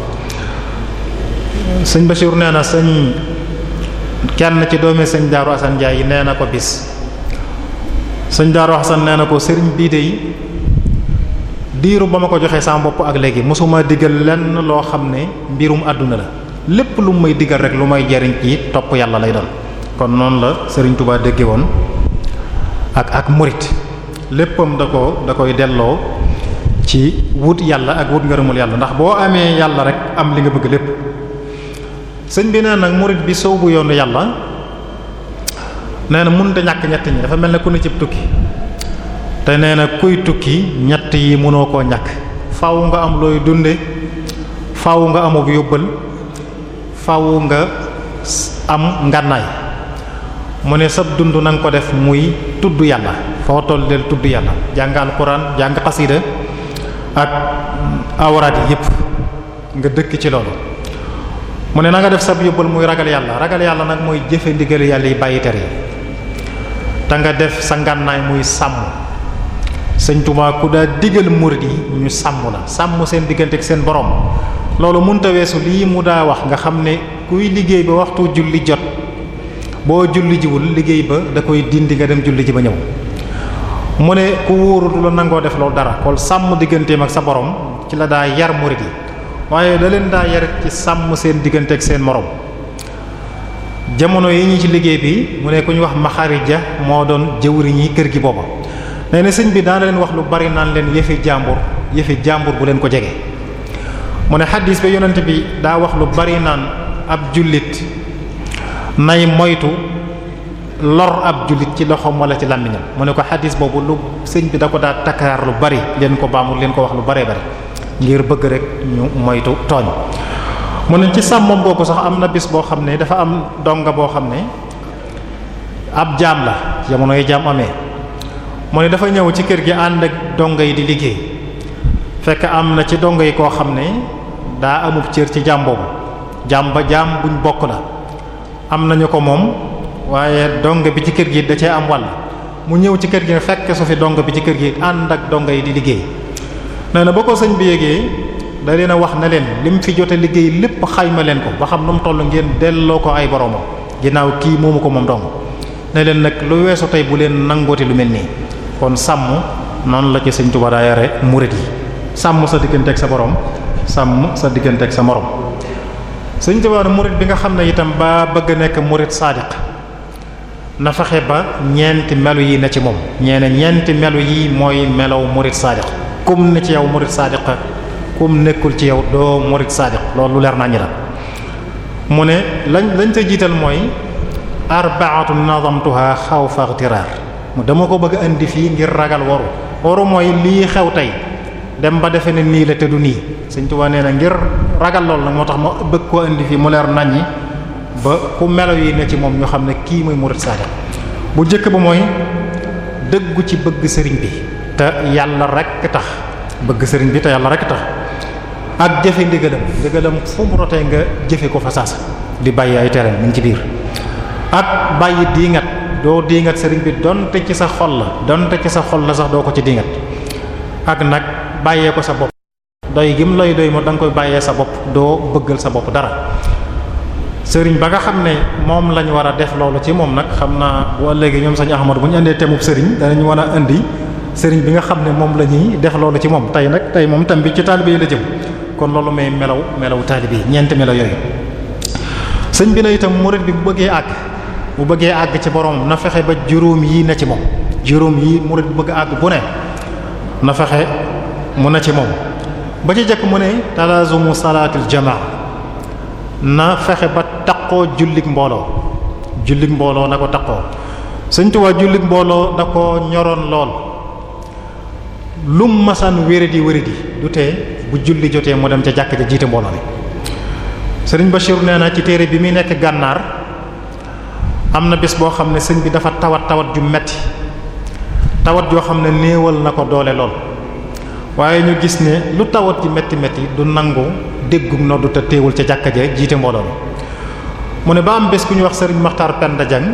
sëñ Bachir nee na sëñ kenn ci doome sëñ Daaru Asan Njaay yi nee na ko bis sëñ Daaru Asan nee na ko sëriñ bii de diiru ba ma ko joxee sama mbopp ak léegi mosuma digal lenn loo xam ne mbirum àdduna la lépp lu may diggal rek lu may jariñ ci topp yàlla lay doon kon noonu la sëriñ tubaa dégge woon ak ak murit léppam da ko da koy delloo ci wut yàlla ak wut ngërëmul yàlla ndax boo amee yàlla rek am li nga bëgg lépp sëñ bi nee nag morit bi sow bu yàlla nee na mënut ñàkk ñett ñi dafa mel ne ku ne cib tukki te nee na kuy tukki ñett yi mënoo koo ñàkk faw nga am looy dunde faw nga amug yóbbal faw nga am ngànnaay mu ne sab dund na ko def muy tudd yàlla foo toll del tudd yàlla jàng alxuraan jàng xasida ak awraat yi yëpp nga dëkk ci loolu mu ne nanga def sab yóbbal muy ragal yàlla ragal yàlla nag mooy jëfe ndigal yàlla yi bàyyi tere yi te nga def sa ngànnaay muy sàmm sëñtuma ku daa digal murid yi ñu sàmm la sàmm seen diggante ak seen borom loolu mënta weesu lii mu daa wax nga xam ne kuy liggéey ba waxtu julli jot boo julli jiwul liggéey ba da koy dindi nga dem julli ji ba ñëw mu ne ku wóorutu la nangoo def loolu dara kon sàmm digganteem ak sa borom ci la daa yar murid yi waaye da leen daa yar ci sàmm seen diggante ak seen moroom jamono yi ñi ci liggéey bi mu ne ku wax wax ja moo doon jëwri ñi kër gi booba nee na sëñ bi daana leen wax lu bari naan leen yëfi jàmbur yëfi jàmbur bu leen ko jege mu ne xaddis ba yonent bi daa wax lu bari naan ab jullit nay moytu lor ab jullit ci loxoom wala ci làmmiñam mu ne ko xadis boobu lu sëñ bi da ko daa takkaar lu bari leen ko baamul leen ko wax lu baree bari ngir bëgg rek ñu moytu tooñ mu ne ci sàmmam googu sax am na bis boo xam ne dafa am donga boo xam ne ab jaam la jamono yi jaam amee mu ne dafa ñëw ci kër gi ànd ak donga yi di liggéey fekk am na ci donga yi koo xam ne daa amub cër ci jaam boobu jaam ba jaam buñ bokk la am nañu ko moom waaye dong bi ci kër gi da cee am wàll mu ñëw ci kër gi ne fekk su fi dong bi ci kër gi ànd ak dong yi di liggéey nee na ba ko sëñ bi yégee da leen a wax ne leen li mu fi jote liggéey lépp xayma leen ko ba xam nu mu toll ngeen delloo ko ay boromam ginnaaw kii moomu ko moom dong ne leen nag lu weesu tey bu leen nangooti lu mel nii kon sàmm noonu la ci sëñ Tuubaa daa yare murid yi sàmm sa diggante ak sa borom sàmm sa diggante sa morom sëñ Tuubaa murit bi nga xam ne itam ba bëgg nekk morit saadiq na fexe ba ñeenti melo yi na ci moom ñee ne ñeenti melo yi mooy melow murit saadiq kum ne ci yow murit saadiq kum nekkul ci yow doo murit saadiq loolu leer nañu la mu ne lañ lañ sa jiital mooy arbaatu nazamtuha xawfa ightirar mu dama ko bëgg indi fii ngir ragal waru waru mooy lii xew tey dem ba defe ne nii la te du nii Sëriñ Tuubaa nee na ngir ragal lool nag moo tax ma bëgg koo indi fii mu leer naññi ba ku melow yi ne ci moom ñu xam ne kii mooy murid saada bu njëkk ba mooy dëggu ci bëgg sëriñ bi te yàlla rek tax bëgg sëriñ bi te yàlla rek tax ak jëfe ndigalam ndigalam fu mu rotee nga jëfe ko fa saasa di bàyyi ay terrain mi ngi ci biir ak bàyyi diingat doo diingat sëriñ bi donte ci sa xol la donte ci sa xol la sax doo ko ci diingat ak bàyyee ko sa bopp doy gim lay doy mo da nga koy bàyyee sa bopp doo bëggal sa bopp dara sëriñ ba nga xam ne moom lañu war a def loolu ci moom nag xam naa wa léegi ñoom sañu ahmad bu ñu indee temub sëriñ danañ war a indi sëriñ bi nga xam ne moom la ñuy def loolu ci moom tey nag tey moom tam bi ci taalibe yi la jëm kon loolu may melaw melow taalibe yi ñeenti melaw yooyu sëñ bi na itam murid bi bu bëggee àgg bu bëggee àgg ci borom na fexe ba juróom yi ne ci moom juróom yi murid bu bëgg àgg mun ne ci moom ba ci jëkk mu ne talazumu salaatil jamaa na fexe ba taqoo jullik mbooloo jullik mbooloo na ko taqoo Sëriñ Tuubaa jullik mbooloo da ko ñoroon lool lum masan wéradi wéradi du tee bu julli jotee mu dem ca jàkk ja jiite mbooloo ni Sëriñ Bachir nee na ci téere bi muy nekk gànnaar am na bés boo xam ne sëñ bi dafa tawat tawat ju metti tawat joo xam ne néewal na ko doole lool waaye ñu gis ne lu tawat ji metti metti du nangu déggum noddu te teewul ca jàkka ja jiite mbooloo mu ne ba am bés ku ñu wax sëriñ Makhtar Penda Diagne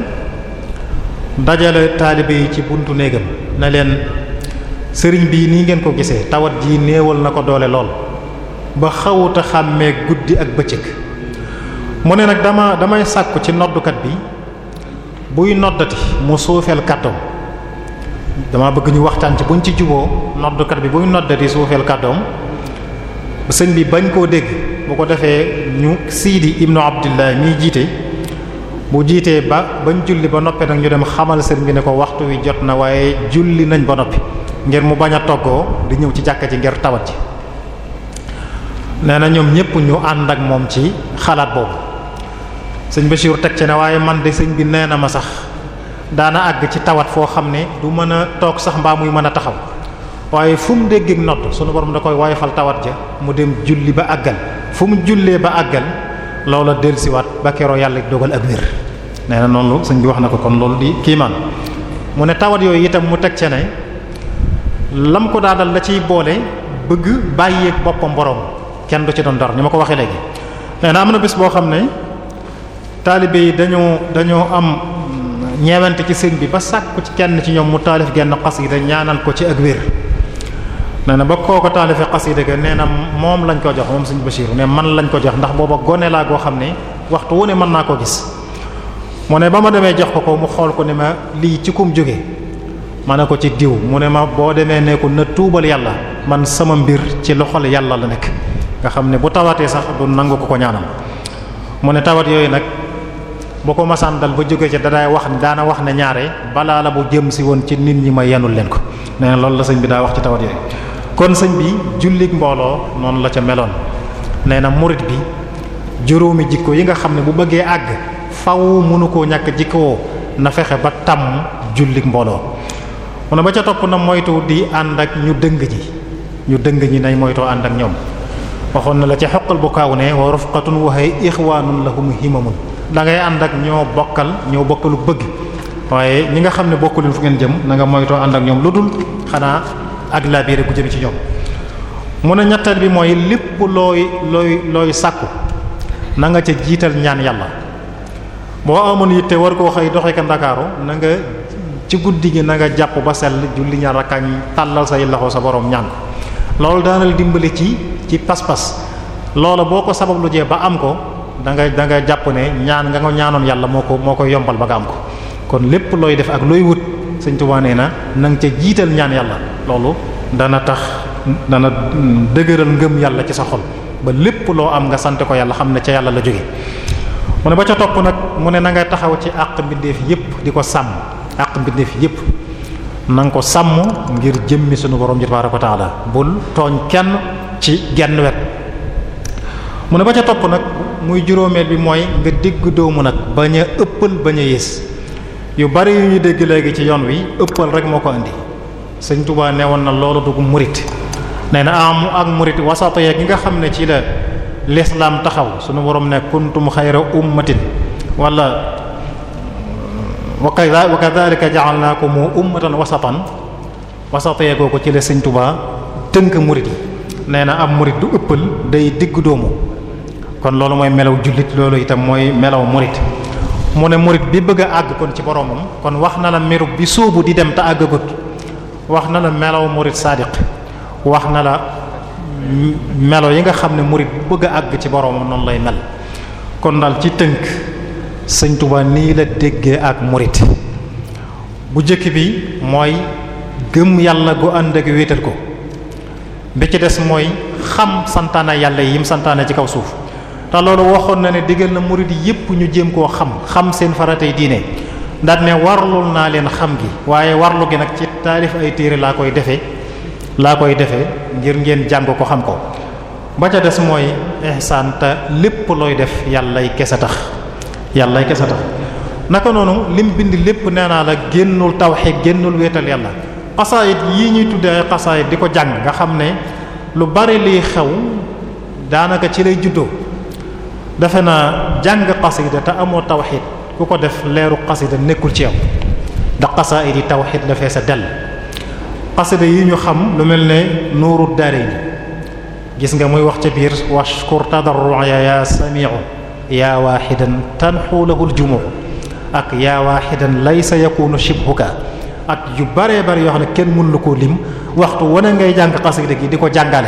dajale taalibe yi ci buntu néegam na leen sëriñ bi nii ngeen ko gisee tawat ji néewal na ko doole lool ba xawuta xàmmee guddi ak bëccëg mu ne nag dama damay sàkku ci noddukat bi buy noddati mu suufeel kàttam dama bëgg ñu waxtaan ci buñ ci juboo noddkat bi buy noddati suufeel kàddoom sëñ bi bañ koo dégg bu ko defee ñu siidi ibnu abdullah miy jiite bu jiitee ba bañ julli ba noppee nag ñu dem xamal sëñ bi ne ko waxtu wi jot na waaye julli nañ ba noppi ngir mu bañ a toggoo di ñëw ci jàkka ci ngir tawat ci nee na ñoom ñëpp ñu ànd ak moom ci xalaat boobu sëñ Bachir teg ci ne waaye man de sëñ bi nee na ma sax daana àgg ci tawat foo xam ne du mën a toog sax mbaa muy mën a taxaw waaye fu mu dégg nodd sunu borom da koy woyofal tawat ja mu dem julli ba àggal fu mu jullee ba àggal loola dellusiwaat ba keroo yàlla dogal ak wér nee na noonu sëñ bi wax na ko kon loolu di kiimaan mu ne tawat yooyu itam mu teg ca ne lam ko daadal la ciy boole bëgg bàyyeeg boppam borom kenn du ci doon dara ni ma ko waxee léegi nee na am na bés boo xam ne taalibe yi dañoo dañoo ñeewante ci sëñ bi ba sàkku ci kenn ci ñoom mu taalif genn xasida ñaanal ko ci ak wér nee na ba koo ko taalifi xasida ga nee na moom lañ ko jox moom sëñ Bachir ne man lañ ko jox ndax booba gone laa goo xam ne waxtu wu ne mën naa ko gis mu ne ba ma demee jox ko ko mu xool ko ne ma lii ci kum jóge ma ne ko ci diw mu ne ma boo demee ne ko na tuubal yàlla man sama mbir ci loxol yàlla la nekk nga xam ne bu tawatee sax du nangu ko ko ñaanal mu ne tawat yooyu nag boo ko masaan dal ba jógee ci dadaay wax daana wax ne ñaare balaa la bu jëm si woon ci nit ñi ma yenu leen ko nee na loolu la sëñ bi daa wax ci tawat yooyu kon sëñ bi jullik mbooloo noonu la ca meloon nee na murit bi juróomi jikko yi nga xam ne bu bëggee àgg faw mënu koo ñàkk jikkoo na fexe ba tàmm jullik mbooloo mu ba ca topp na moytu di ànd ak ñu dëng ji ñu dëng ñi nay moytoo ànd ak ñoom waxoon na la ci xoqal bu kaaw ne wa rufqatun wa hay ixwaanun da ngay ànd ak ñoo bokkal ñoo bokkalu bëgg waaye ñi nga xam ne bokkuleen fu ngeen jëm na nga moytoo ànd ak ñoom lu dul xanaa ak laabire bu jëm ci ñoom mu ne ñettal bi mooy lépp looy looy sàkku na nga ca jiital ñaan yàlla boo amoon yitte war koo xëy doxee ka ndakaaru nanga ci guddi gi na nga jàpp ba sel julli ñaar rakka tàllal say loxo sa boroom ñaan loolu daanal dimbali ci ci pas-pas loola boo ko sabablu jee ba am ko da nga da jàpp ne ñaan nga nga ñaanoon yàlla moo ko moo koy yombal ba nga am ko kon lépp looy def ak looy wut Sëriñ Tuubaa nee na nanga nga jiital ñaan yàlla loolu dana tax dana dëgëral ngëm yàlla ci sa xol ba lépp loo am nga sant ko yàlla xam ne ca yàlla la jóge mu ne ba ca topp nag mu ne na nga taxaw ci àq mbindeef yépp di ko sàmm àq mbindeef yépp na nga ko sàmm ngir jëmmi sunu borom ji tabaaraka tax taala bul tooñ kenn ci genn wet mu ne ba ca topp muy juróomeel bi mooy nga digg doomu nag bañ a ëppal bañ a yées yu bari yu ñu dégg léegi ci yoon wi ëppal rek moo ko indi sëñ Tuubaa nee woon na loolu dugg murit nee na am ak murit wasaata yeeg nga xam ne ci la lislaam taxaw suñu borom ne kuntum xayra ummatin wala wa kadhalika ja'alnakum ummatan wasatan wasata yeegoo ko ci la sëñ Tuubaa tënk murit yi nee na am murit du ëppal day digg doomu kon loolu mooy melaw jullit loolu itam mooy melaw murit mu ne morit bi bëgg àgg kon ci boromam kon wax na la meru bi sóobu di dem te àggagut wax na la melaw morit sadiq wax na la melo yi nga xam ne murit bu bëgg a àgg ci boromam noonu lay mel kon dal ci tënk sëñ Tuba nii la déggee ak murit bu jëkk bi mooy gëm yàlla gu ànd ak wéetal ko bi ci des mooy xam santaana yàlla yi yim santaane ci kaw suuf te loolu waxoon na ne digal na murid yépp ñu jéem koo xam xam seen faratay diine ndaat ne warlul naa leen xam gi waaye warlu gi nag ci taalif ay téere laa koy defee laa koy defee ngir ngeen jàng ko xam ko ba ca des mooy ihsaan te lépp looy def yàllay kese tax yàlla yàllay kese tax naka noonu lim bind lépp nee naa la génnul tawxiid génnul wéetal yàlla xasaayit yii ñuy tudde ay xasaayit di ko jàng nga xam ne lu bari liy xew daanaka ci lay juddoo defe naa jàng xasida te amoo tawxid ku ko def leeru xasida nekkul ci yow da xasaayid yi tawxid la fee sa dell xasida yi ñu xam lu mel ne nuuru daarayni gis nga muy wax ca biir washkur tadarruya ya samiu yaa waaxidan tanxu lahul jumuu ak yaa lay laysa yakunu shibhuka ak yu baree bari yoo xam ne kenn mënu la koo lim waxtu wane ngay jàng xasida gi di ko jàngale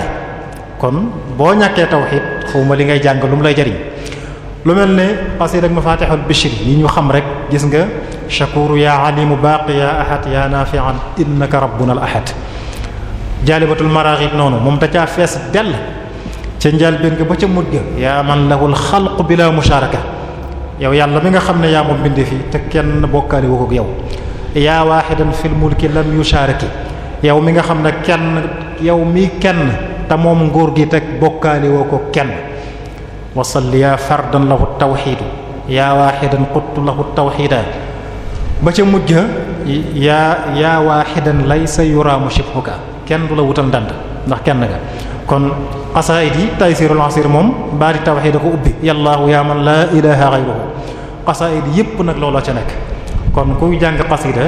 kon boo ñàkkee tawxid xawma li ngay jàng lu mu lay jariñ lu mel ne xasiid ak mafatihul bishr yi ñu xam rek gis nga shakuru ya alimu baaqi ya ahad ya nafi'an innaka rabbuna al ahad jaalibatul maraaxib noonu moom da caa fees dell ca njëlbéen nga ba ca mujj yaa man lahul xalqu bila musharaka yow yàlla mi nga xam ne yaa moom bindee fi te kenn bokkaale wu ko yow yaa waaxidan fil mulki lam yusharaki yow mi nga xam ne kenn yow mi kenn te moom nguur gi teg bokkaale woo ko kenn wasalli yaa fardan lahu tawxiidu yaa waaxidan quttu lahu tawxiida ba ca mujj yaa yaa waaxidan laysa yuraamu shibhuka kenn du la wutal ndant ndax kenn nga kon xasaayid yi taysirul asir moom baati tawxiid a ko ubbi yallaahu yaa man laa ilaaha ghayruhu xasaayid yépp nag looloo ca nekk kon kuy jàng xasida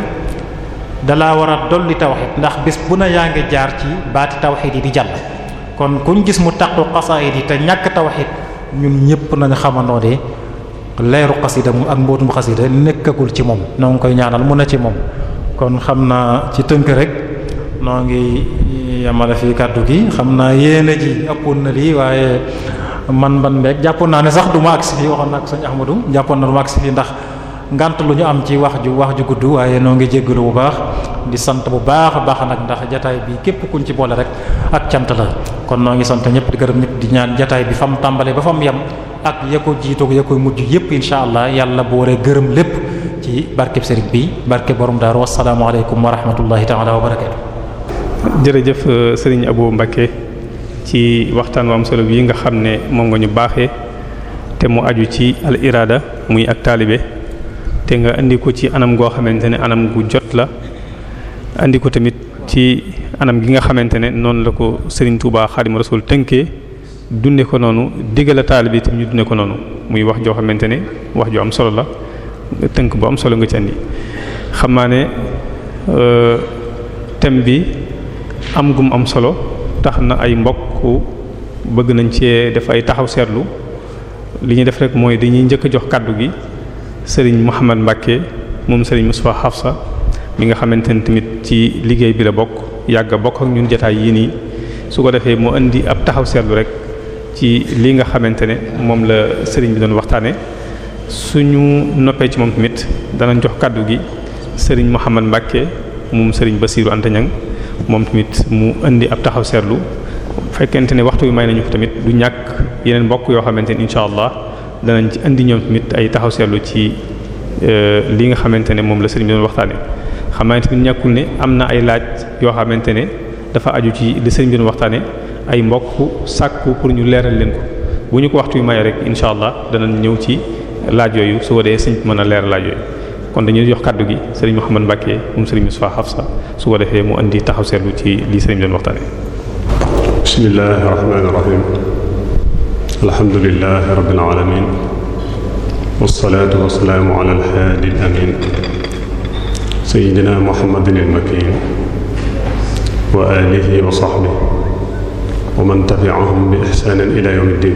dalaa war a dolli tawxiid ndax bis bu na yaa ngi jaar ci baati tawxiid yi di jàll kon kuñ gis mu taqu xasaayid yi te ñàkk tawxiid ñun ñëpp nañu xamandoo de leeru xasida moom ak mbootum xasida nekkagul ci moom noo ngi koy ñaanal mu ne ci moom kon xam naa ci tënk rek noo ngi yamale fii kàddu gi xam naa yéene ji ëppoon na lii waaye man man mbeeg jàppoon naa ne sax du ma agsi fii waxoon naa ko sëñ Ahmadu jàppoon na du agsi fii ndax ngant lu ñu am ci wax ju wax ju gudd waaye noo ngi jéggalu bu baax di sant bu baax a baax nag ndax jataay bii képp kuñ ci boole rek ak cant la kon noo ngi sant ñëpp di gërëm ñëpp di ñaan jataay bi fam tàmbalee ba fam yem ak ya ko jiitoog ya koy mujj yëpp insha allah yàlla waree gërëm lépp ci barkeb sëriñ bi barkeb borom daaru wasalaamaaleykum wa rahmatullahi taala wa barakatu jërëjëf euh, sëriñ Abou Mbacké ci waxtaan waam solo yi nga xam ne moom nga ñu baaxee te mu aju ci al irada muy ak taalibe te nga indi ko ci anam goo xamante ne anam gu jot la indi ko tamit ci anam gi nga xamante ne noonu la ko Serigne Touba Xaadimu Rasuul tënkee dunde ko noonu digale taalibe itam ñu dunde ko noonu muy wax joo xamante ne wax ju am solo la tënk bu am solo nga ci andi xam naa ne euh, thème bi am gum am solo tax na ay mbokk bëgg nañ cee def ay taxaw seetlu li ñuy def rek mooy dañuy njëkk a jox kàddu gi Serigne Mouhamad Mbacke moom sëriñ Serigne Moustapha sa mi nga xamante ne tamit ci liggéey bi la bokk yàgg bokk ak ñun jotaay yii nii su ko defee mu indi ab taxaw seetlu rek ci li nga xamante ne moom la sëriñ bi doon waxtaane suñu noppee ci moom danañ jox kàddu gi sëriñ Mouhamad Mbacke moom sëriñ Basirou Anta Niang moom tamit mu indi ab taxaw seetlu fekkente ne waxtu bi may nañu ko tamit du ñàkk yeneen mbokk yoo xamante ne incha danañ ci indi ñoom tamit ay taxaw seetlu ci euh, li nga xamante ne moom la sëriñ bi doon waxtaane xam naa tamit ñàkkul ne am na ay laaj yoo xamante ne dafa aju ci li sëñ bi doon waxtaane ay mbokk sàkku pour ñu leeral leen ko bu ñu ko waxtu yu may rek incha allah dana ñëw ci laaj yooyu su wadee sëñ mën a leeral laaj yooyu kon dañuy jox kaddu gi sëriñ Mouhamad Mbacke moom sëriñ Moussa Hafsa su ko defee mu indi taxaw seetlu ci lii sëriñ doon waxtaane bismillahir rahmanir rahim alhamdulillahi rabbil alamin was salatu was salamu ala al sayyidina muhammadin al-makin wa alihi wa sahbihi wa man tabi'ahum bi ihsanin ila yawmiddin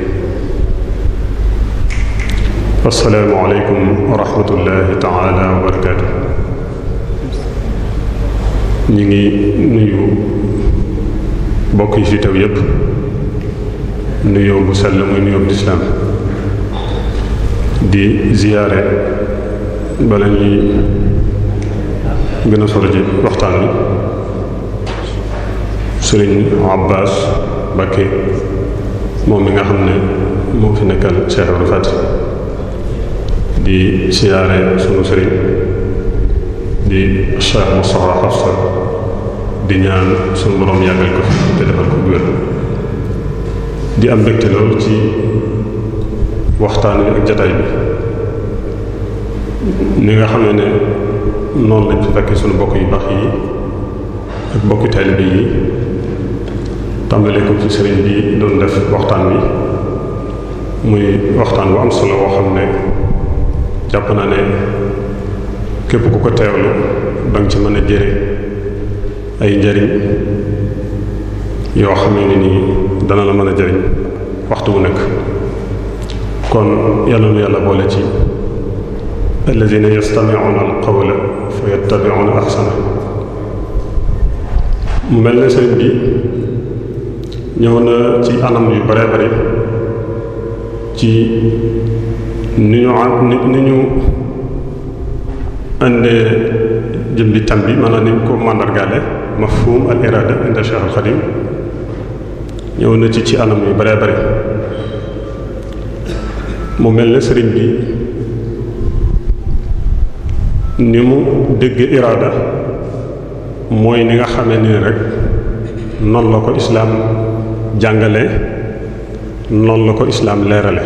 assalaamu aleykum wa rahmatullahi taala wa barakaatu ñu ngi nuyu bokk yi fi teew yépp nuyoo bu sell muy nuyoo bu lislaam di ziyaare bala ñuy gën a sori ci waxtaan wi sëriñ Abbas Bakke moom mi nga xam ne moo fi nekkal Cheikh Ibrahima Fati di siyaare sunu sëriñ di Cheikh Moustapha Hafsa di ñaan sunu borom yàggal ko fi te defal ko wér di am mbégte lool ci waxtaan wi ak jataay bi ni nga xam ne noonu lañ ci fekkee sunu mbokk yu baax yi ak mbokki taalibe yi tàmbalee ko ci sëriñ bi doon def waxtaan wi muy waxtaan bu am solo woo xam ne jàpp naa ne képp ku ko teewlu da nga ci mën a jëre ay njariñ yoo xam ne nii dana la mën a jëriñ waxtu wu nekk kon yàlla yàlla boole ci allazina yastami'una al qawla yattabi'una ahsana mu mel ne sëriñ bi ñëw na ci anam yu bare bare ci ni ñu ni ñu indee jëmbi tam bi maanaam ni ñu ko màndargaale mafhum al irada inda al Xadim ñëw na ci ci anam yu bare bare mu mel ne sëriñ bi ni mu dégg iraada mooy ni nga xamee ni rek noonu la ko islaam jàngale noonu la ko islaam leerale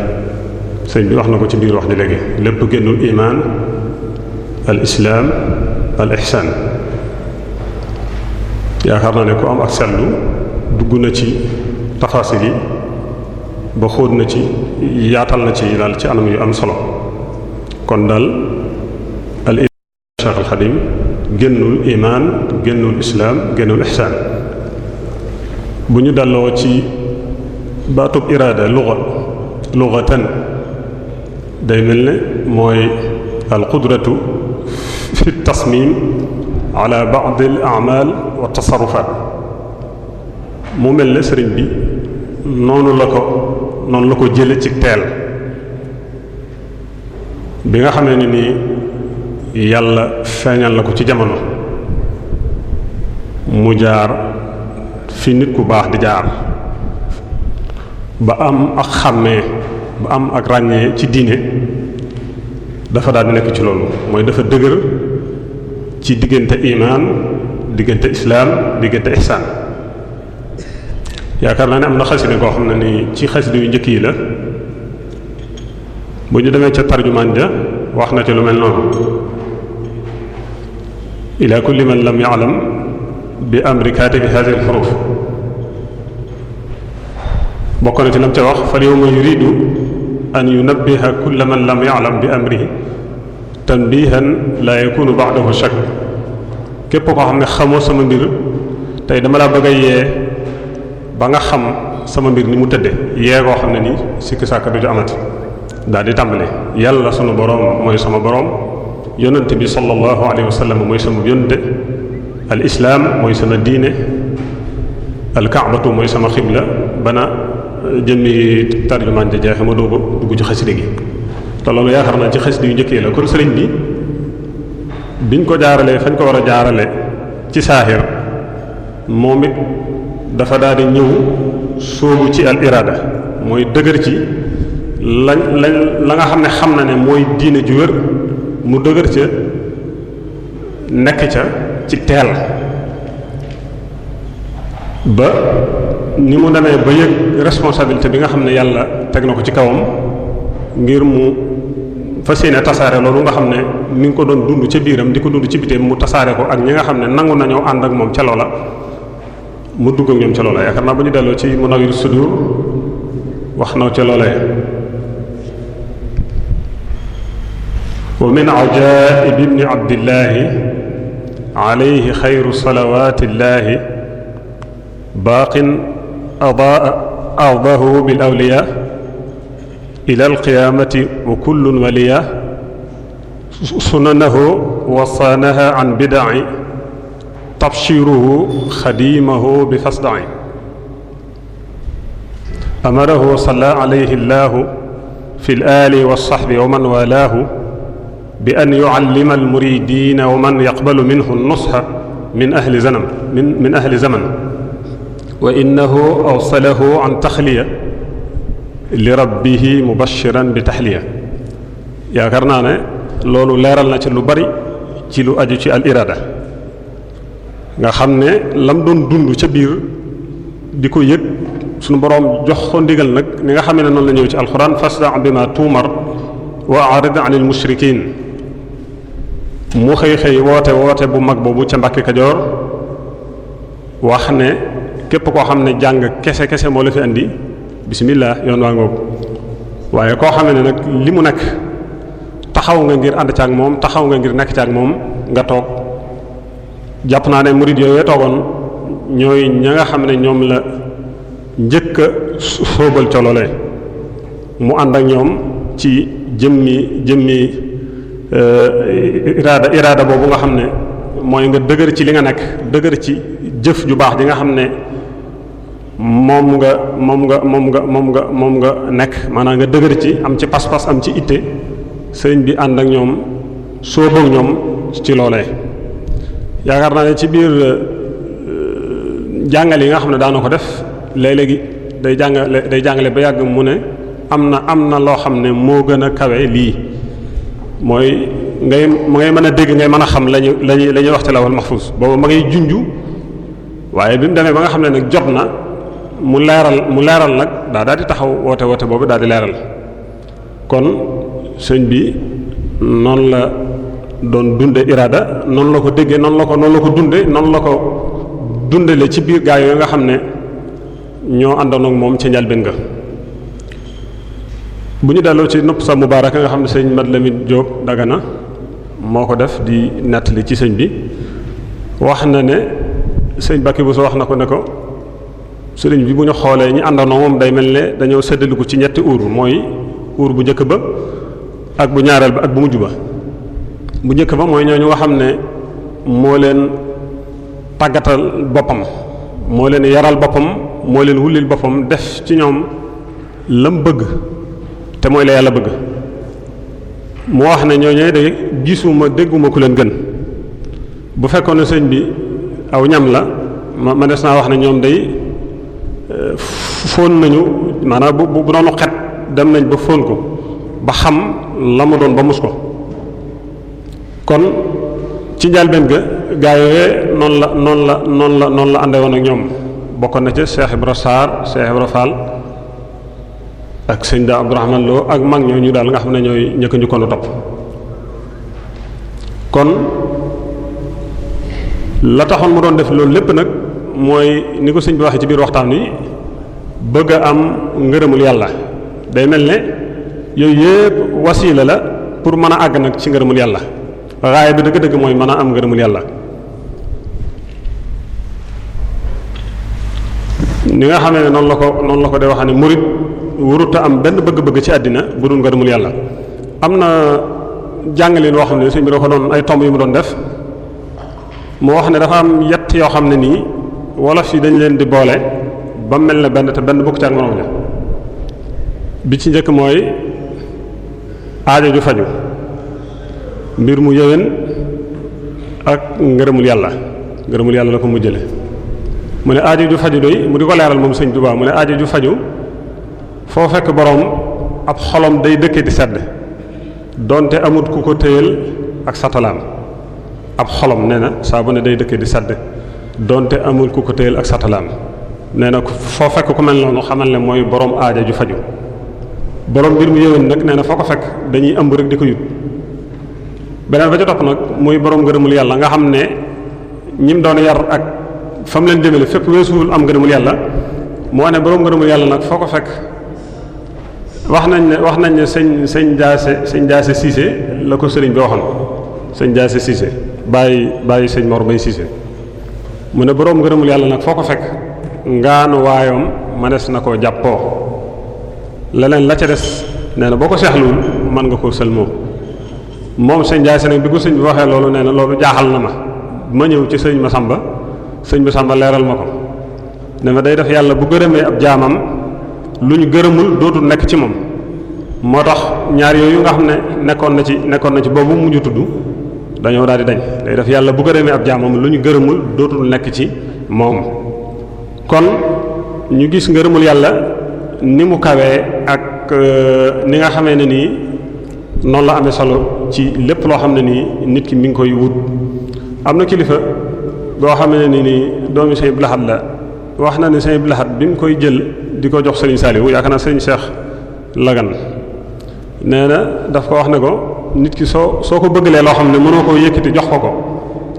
sëñ bi wax na ko ci biir wax ji léegi lépp génnul imaan al islaam al ihsaan yaakaar naa ne ku am ak seetlu dugg na ci tafasil yi ba xóot na ci yaatal na ci daal ci anam yu am solo kon daal Cheikh al Xadim génnul bu ñu dalloo ci baatub iraada luga lugatan day mel ne mooy alqudratu fi tasmim ala ba'd al a'mal wa tasarrufat mu mel ne sëriñ bi noonu la ko noonu la ko jële ci teel bi nga xamee ne nii yàlla feeñal la ko ci jamono mu jaar fi nit ku baax di jaar ba am ak xàmmee ba am ak ràññee ci diine dafa daan di nekk ci loolu mooy dafa dëgër ci diggante imaan diggante islaam diggante ihsaan yaakaar naa ne am na xasida koo xam ne ni ci xasida yu njëkk yi la bu ñu demee ca tarjumaan ja wax na ci lu mel noonu ila kulli man lam ya'lam bi amri kaatibi haadihi al-xuruuf bokk na ci lam ca wax fal yawma yuridu an yunabbiha kulla man lam ya'lam bi amrihi tanbihan la yakunu ba'dahu shakk képp koo xam ne xamoo sama mbir tey dama laa bëgg a yee ba nga xam sama mbir ni mu tëdde yee koo xam ne ni sikki sàkk du ci amati daal di tàmbali yàlla sunu boroom mooy sama boroom yonent bi sallallahu alayhi wa mooy sama yonte al islaam mooy sama diine al kaabatu mooy sama xibla bana eh, jëmmi tarjumaan ja jaaxe ma dugg ci xasida gi te loolu xam naa ci xasida yu njëkkee la kon sëriñ bi biñ ko jaaralee fañ ko war a jaarale ci saaxir moom it dafa daal ñëw sóobu ci al iraada mooy dëgër ci lañ lañ la nga xam ne xam na ne mooy diine ju wér mu dëgër ca nekk ca ci teel ba ni mu demee ba yëg responsabilité bi nga xam ne yàlla teg na ko ci kawam ngir mu fas yéene tasaare loolu nga xam ne mi ngi ko doon dund ca biiram di ko dund ci biteem mu tasaare ko ak ñi nga xam ne nangu nañoo ànd ak moom ca loola mu dugg ak ñoom ca loola yaakaar naa bu ñu delloo ci Munawwirus Sudur wax na ca loolee wa min ajaib ibni abdillahi alayhi xayru salawatillahi baaqin adaa ardahu bil awliya ila alqiyamati wa kullun waliya sunanahu wasaanaha an bidaci tabshiruhu xadimahu bi fasdaci amarahu wa salla alayhi llahu fi l ali wa sahbi wa man walaahu bi an yuallima almuridina wa man yaqbalu minhu nusxa min ahli zanam min min ahli zaman wa innahu awsalahu an taxliya li rabbihi mubashiran bi taxliya yaakaar naa ne loolu leeral na ci lu bari ci lu aju ci al irada nga xam ne lam doon dund ca biir di ko yëg sunu boroom jox ko ndigal nag ni nga xam ne noonu la ñëw ci alxuraan fasda' bima tu'mar wa a'rid 'anil mushrikiin mu xëy-xëy woote woote bu mag boobu ca Mbàkke Kajoor wax ne képp koo xam ne jàng kese kese moo la fi indi bisimilah yoon waa ngoogu waaye koo xam ne nag li mu nekk taxaw nga ngir ànd ak moom taxaw nga ngir nekk caag moom nga toog jàpp naa ne murid yooyu toogoon ñooy ña nga xam ne ñoom la njëkka a sóobal colole mu ànd ak ñoom ci jëmmi jëmmi Euh, iraada iraada boobu nga xam ne mooy nga dëgër ci li nga nekk dëgër ci jëf ju baax ji nga xam ne moom nga moom nga moom nga moom nga moom nga nekk maanaam nga dëgër ci am ci pas-pas am ci itte sëriñ bi ànd ak ñoom soo bëgg ñoom ci loolee yaakaar naa ne ci biir euh, jàngale yi nga xam ne daana ko def léeg-léegi day jàngale day jàngale ba yàgg mu ne am na am na loo xam ne moo gën a kawe lii mooy ngay ma ngay mën a dégg ngay mën a xam lañu lañu la ñuy wax ci lawal maxfuus boobu ma ngay junj waaye bi mu demee ba nga xam ne nag jot na mu leeral mu leeral nag daa di taxaw woote woote boobu daal di leeral kon sëñ bi noonu la doon dunde iraada noonu la ko déggee noonu la ko noonu la ko dunde noonu la ko dundale ci biir gaa yooyu nga xam ne ñoo àndoon ak moom ci njalbeen nga bu ñu delloo ci nopp sa mubaaraka nga xam ne sëñ Mat Lamin Jóob Dagana moo ko def di nettali ci sëñ bi wax na ne sëñ bu Bousso wax na ko ne ko sëriñ bi bu ñu xoolee ñi àndandoo moom day mel ne dañoo séddale ko ci ñetti uur mooy uur bu njëkk ba ak bu ñaareel ba ak bu mujj ba bu njëkk ba mooy ñooñu nga xam ne moo leen tàggatal boppam moo leen yaral boppam moo leen wullil boppam def ci ñoom lam bëgg te mooy la yàlla bëgg moo wax na ñooñu de gisuma dégguma ku leen gën bu fekkoon ne sëñ bi aw ñam la ma ma des naa wax ne ñoom day eh, fóon nañu maanaam bu bu doonu xet dem nañ ba fóon ko ba xam la mu doon ba mus ko kon ci njëlbéen ga gaa yooyee noonu la noonu la noonu la noonu la ànde ak ñoom bokkoon na ci Cheikh Ibra Sarr Cheikh Ibra Fall ak sëñ daa Abdourahman Lo ak mag ñu daal nga xam ne ñooy ñëkk njëkkoon a topp kon la taxoon mu doon def loolu lépp nag mooy ni ko sëñ bi waxee ci biir waxtaan wi bëgg a am ngërëmul yàlla day mel ne yooyu yëpp wasiila la pour mën a àgg nag ci ngërëmul yàlla raaya bi dëgg-dëgg mooy mën a am ngërëmul yàlla ni nga xamee ne noonu la ko noonu la ko de waxee ne murid warut am benn bëgg-bëgg ci àddina bu dul ngërëmul yàlla am na jàngaleen woo xam ne sëñ bi da doon ay tomb yu mu doon def moo wax ne dafa am yett yoo xam ne nii wolof yi dañ leen di boole ba mel na benn te benn bokk ci ak moroom ja bi ci njëkk mooy aajo ju faju mbir mu yëwén ak ngërëmul yàlla ngërëmul yàlla la ko mu jële mu ne aajo ju faju doy mu di ko leeral moom sëñ Tuubaa mu ne aajo ju faju foo fekk boroom ab xolom day dëkke di sedd donte amut ku ko téyal ak satalaam ab xolom nee na saabu ne day dëkke di sedd donte amul ku ko téyal ak satalaam nee na foo fekk ku mel noonu xamal ne mooy boroom aaja ju faju boroom mbir mu yëwén nag nee na foo ko fekk dañuy ëmb rek di ko yut beneen ba ca topp nag muy boroom ngërëmul yàlla nga xam ne ñim doon yar ak fa mu leen jëmale fépp weesuwul am ngërëmul yàlla moo ne boroom ngërëmul yàlla nag foo ko fekk wax nañ ne wax nañ ne sëñ sëñ Diassé sëñ Diassé Cissé la ko sëriñ bi waxoon sëñ Diassé Cissé bàyyi bàyyi sëñ moro Mbaye Cissé mu ne boroom ngërëmul yàlla nag foo ko fekk ngaanu waayoom mënees na koo jàppoo leneen la ca des nee na boo ko seexluwul mën nga koo sël moom moom sëñ Diassé nag bi ko sëñ bi waxee loolu nee na loolu jaaxal na ma ma ñëw ci sëñ Masamba sëñ Masamba leeral ma ko ne ma def yàlla bu gërëmee ab jaamam lu ñu gërëmul dootul nekk ci moom moo tax ñaar yooyu nga xam ne nekkoon na ci nekkoon na ci boobu mujj tudd dañoo daal di dañ day def yàlla bu gërëmee ab jaamam lu ñu gërëmul dootul nekk ci moom kon ñu gis ngërëmul yàlla ni mu kawee ak euh, ni nga xamee ni nii noonu la amee solo ci lépp loo xam ne nii nit ki mi ngi koy wut am na kilifa goo xam ne nii doomi Sëñ Abdul la wax na ne Sëñ Abdul bi mu koy jël di ko jox sëriñ Saliou yaakaar naa sëriñ Cheikh Lagan nee na daf ko wax ne ko nit ki soo soo ko bëggalee loo xam ne mënoo koo yëkkati jox ko ko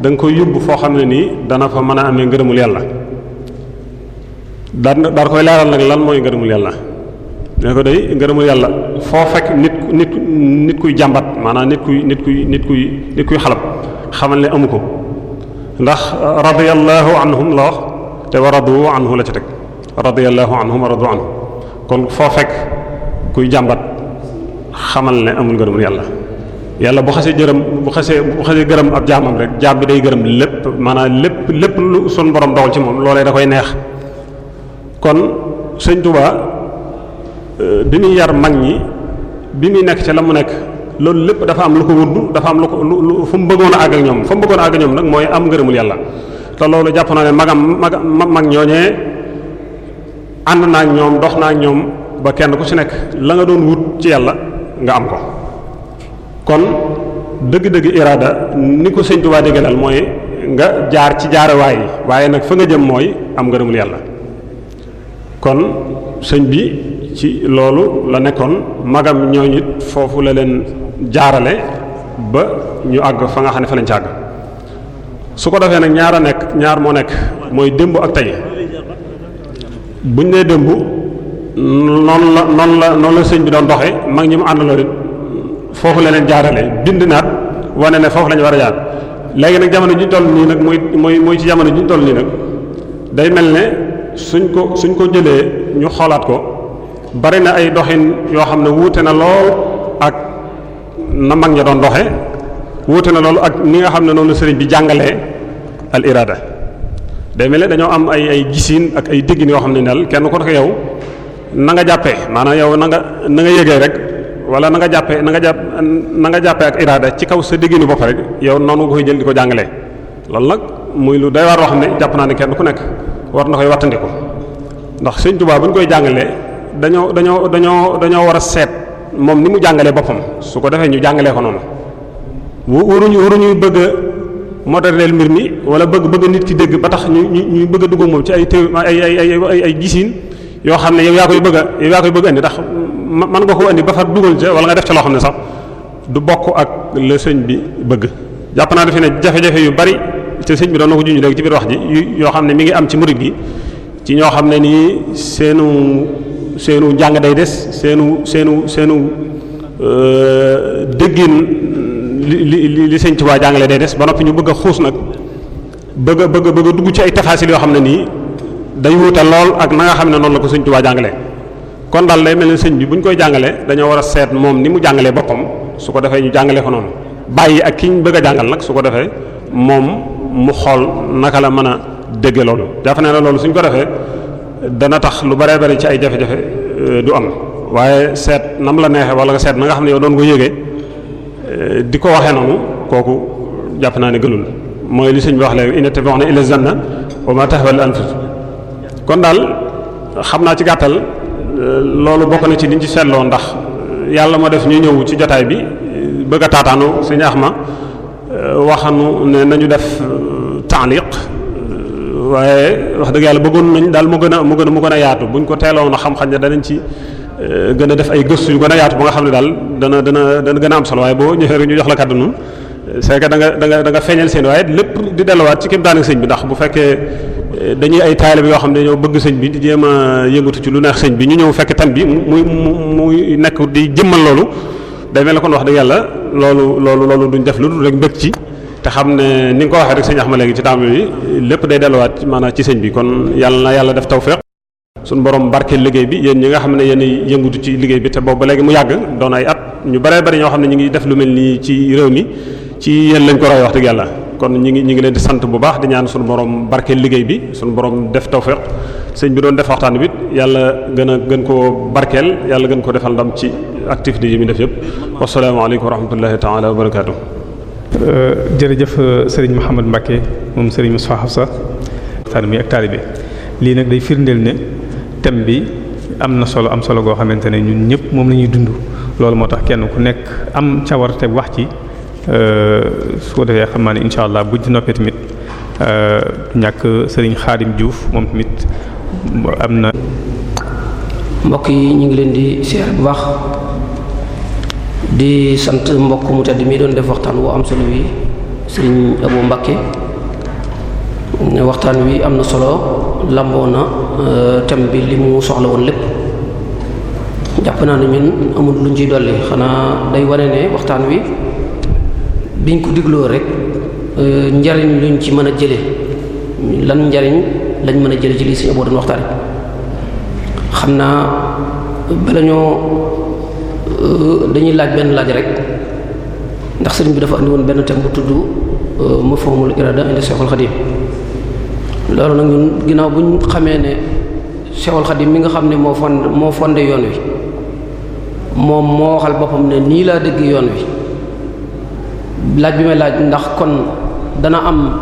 da nga koy yóbbu foo xam ne nii dana fa mën a amee ngërëmul yàlla daan daal koy leeral nag lan mooy ngërëmul yàlla ne ko day ngërëmul yàlla foo fekk nit nit nit kuy jàmbat maanaa nit kuy nit kuy nit kuy nit kuy xalab xamal ne amu ko ndax radiyallahu anhum la wax te wa radu anhu la ci teg radiyallahu anhum wa radu anhu kon foo fekk kuy jàmbat xamal ne amul ngërëmul yàlla yàlla bu xasee jërëm bu xasee bu xasee gërëm ab jaamam rek jaam bi day gërëm lépp maanaam lépp lépp lu sun borom dogal ci moom loolee da koy neex sëñ Tuubaa euh, bi muy yar mag ñi bi muy nekk ca la mu nekk loolu lépp dafa am lu ko wudd dafa am lu ko lu fu mu bëggoon a àgg ñoom fu mu bëggoon a àgg ñoom nag mooy am ngërëmul yàlla te loolu jàpp naa ne magam mag mag ñooñee ànd naa ñoom dox naa ñoom ba kenn ku ci nekk la nga doon wut ci yàlla nga am ko kon dëgg-dëgg iraada ni ko sëñ Tuubaa mooy nga jaar ci jaarawaay yi waaye nag fa nga jëm mooy am nga ngërëmul yàlla kon sëñ bi ci loolu la nekkoon magam ñooñu it foofu la leen jaarale ba ñu àgg fa nga xam ne fa lañ ci su ko defee nag ñaar a nekk ñaar moo nekk mooy démb ak tey buñ nee dëmb noonu la noonu la noonu la sëñ bi doon doxee mag ñi mu àndaloo foofu la leen jaarale bind naat wane ne foofu lañu war a jaar léegi nag jamono ji toll nii nag mooy mooy muy ci jamono ji toll nii nag day mel ne suñ ko suñ ko jëlee ñu xoolaat ko bari na ay doxin yoo xam ne wuute na lool ak na mag ña doon doxe wuute na loolu ak ni nga xam ne noonu sëriñ bi jàngalee al irada day mel ne dañoo am ay ay gisiin ak ay déggin yoo xam ne daal kenn ku nekk yow na nga jàppee maanaam yow nanga nga na nga yëgee rek wala na nga jàppee na nga jàpp na jàppee ak iraada ci kaw sa dégginu bopp rek yow noonu nga koy jël di ko jàngalee loolu nag muy lu day waar loo xam ne jàpp naa ne kenn ku nekk war na koy wattandiku ndax sëñ Tuubaa bu ñu koy jàngalee dañoo dañoo dañoo dañoo war a seet moom ni mu jàngalee boppam su ko defee ñu jàngalee ko noonu waruñu waruñu bëgg moo modernel mbir mi wala bëgg bëgg nit ki dégg ba tax ñu ñu ñu bëgg a dugg moom ci ay téw ay ay ay yoo xam ne yow yaa koy bëgg a koy bëgg a indi ndax man nga ko indi ba far dugal ca wala nga def ca loo xam ne sax du bokk ak le sëñ bi bëgg jàpp naa defe ne jafe-jafe yu bari te sëñ bi doon na ko junj léegi ci biir wax ji yoo xam ne mu ngi am ci murid gi ci ñoo xam ne nii seenu seenu njàng day des seenu seenu seenu euh, déggin li li li sëñ waa jàngale day des ba noppi ñu bëgg xuus nag bëgg a bëgg bëgg dugg ci ay tafaasil yoo xam ne nii day wutal lool ak na nga xam ne noonu la ko sëñ waa jàngale kon daal day mel ne sëñ bi bu ñu koy jàngalee dañoo war a seet moom ni mu jàngalee boppam su ko defee ñu jàngalee ko noonu bàyyi ak ki ñu bëgg a jàngal nag su ko defee moom mu xool naka la mën a dégg loolu jàpp na la loolu suñ ko defee dana tax lu baree bari ci ay jafe-jafe euh, du am waaye seet nam la neexee wala seet na nga xam ne yow doon ko yëgee Euh, di ko waxee noonu kooku jàpp naa ne gënul mooy li sëñ bi wax léegi inna tabi'una illa zanna wa ma tahwal anfus kon daal xam naa ci gàttal euh, loolu bokk na ci liñ ci seetloo ndax euh, yàlla moo def ñu ñëw ci jotaay bi bëgg a taataanu sëñ Axma waxanu ne nañu def taaliq waaye wax dëgg yàlla bëggoon nañ daal mu gën a mu gën a mu gën a yaatu buñ ko teeloon a xam-xam ne danañ ci Euh, gën a def ay gëstu yu gën a yaatu ba nga xam ne daal dana dana dana gën a am solo waaye boo ñëwee rek ñu jox la kàddu nu euh, c'est que nga da nga da feeñal seen waaye lépp di delluwaat ci kim daanaka sëñ bi ndax bu fekkee euh, dañuy ay yoo xam ne ñoo bëgg sëñ bi di jéem yëngatu ci lu neex sëñ bi ñu ñëw fekk tam bi muy mu nekk di jëmmal loolu day mel ne kon wax dëgg yàlla loolu loolu loolu duñ def lu dul rek mbëgg ci te xam ne ni nga ko waxee rek ax ma léegi ci tàmbali bi lépp day delluwaat maanaam ci sëñ bi kon yàlla na yàlla def tawfeex suñ borom barke liggéey bi yéen ñi nga xam ne yéen yëngutu ci liggéey bi te boobu ba léegi mu yàgg doon ay at ñu baree bari ñoo xam ne ñu ngi def lu mel nii ci réew mi ci yéen lañ ko roy wax dëgg yàlla kon ñu ngi ñu ngi leen di sant bu baax di ñaan suñu borom barke liggéey bi suñu borom def tawfeex sëñ bi doon def waxtaan bi yàlla gën a gën koo barkeel yàlla gën ko defal ndam ci activité yi mu def yëpp wasalaamaaleykum wa rahmatullahi taala wa barakaatu euh, jërëjëf euh, sëriñ Mouhamed Mbacke moom sëriñ Moussa Hafsa waxtaan lii nag day firndeel ne thème bi am na solo am solo goo xamante ne ñun ñëpp moom la ñuy dund loolu moo tax kenn ku nekk am cawarte wax ci euh, su ko defee xam naa ne incha allah bu ci noppee tamit euh, ñàkk sëriñ Khadim Diouf moom tamit am na. mbokk yi ñu ngi leen di seer bu baax di sant mbokk mu tedd mi doon def waxtaan woo am solo wi Serigne Abou Mbacké waxtaan wi am na solo lamboo Euh, thème bi li mu soxla woon lépp jàpp naa ne ñun amul lu ciy dolli xanaa day wane ne waxtaan wi biñ ko digloo rek euh, njariñ luñ ci mën a jële lan njariñ lañ mën a jële ci lii suñu boo doon waxtaan xam naa bala euh, dañuy laaj benn laaj rek ndax sëriñ bi dafa andi woon benn thème bu tudd mafhumul irada indi Cheikhul Khadim loolu nag ñun ginnaaw bu ñu xamee ne Cheikhul Khadim mi nga xam ne moo fond moo fonde yoon wi moom moo waxal boppam ne nii laa dégg yoon wi laaj bi may laaj ndax kon dana am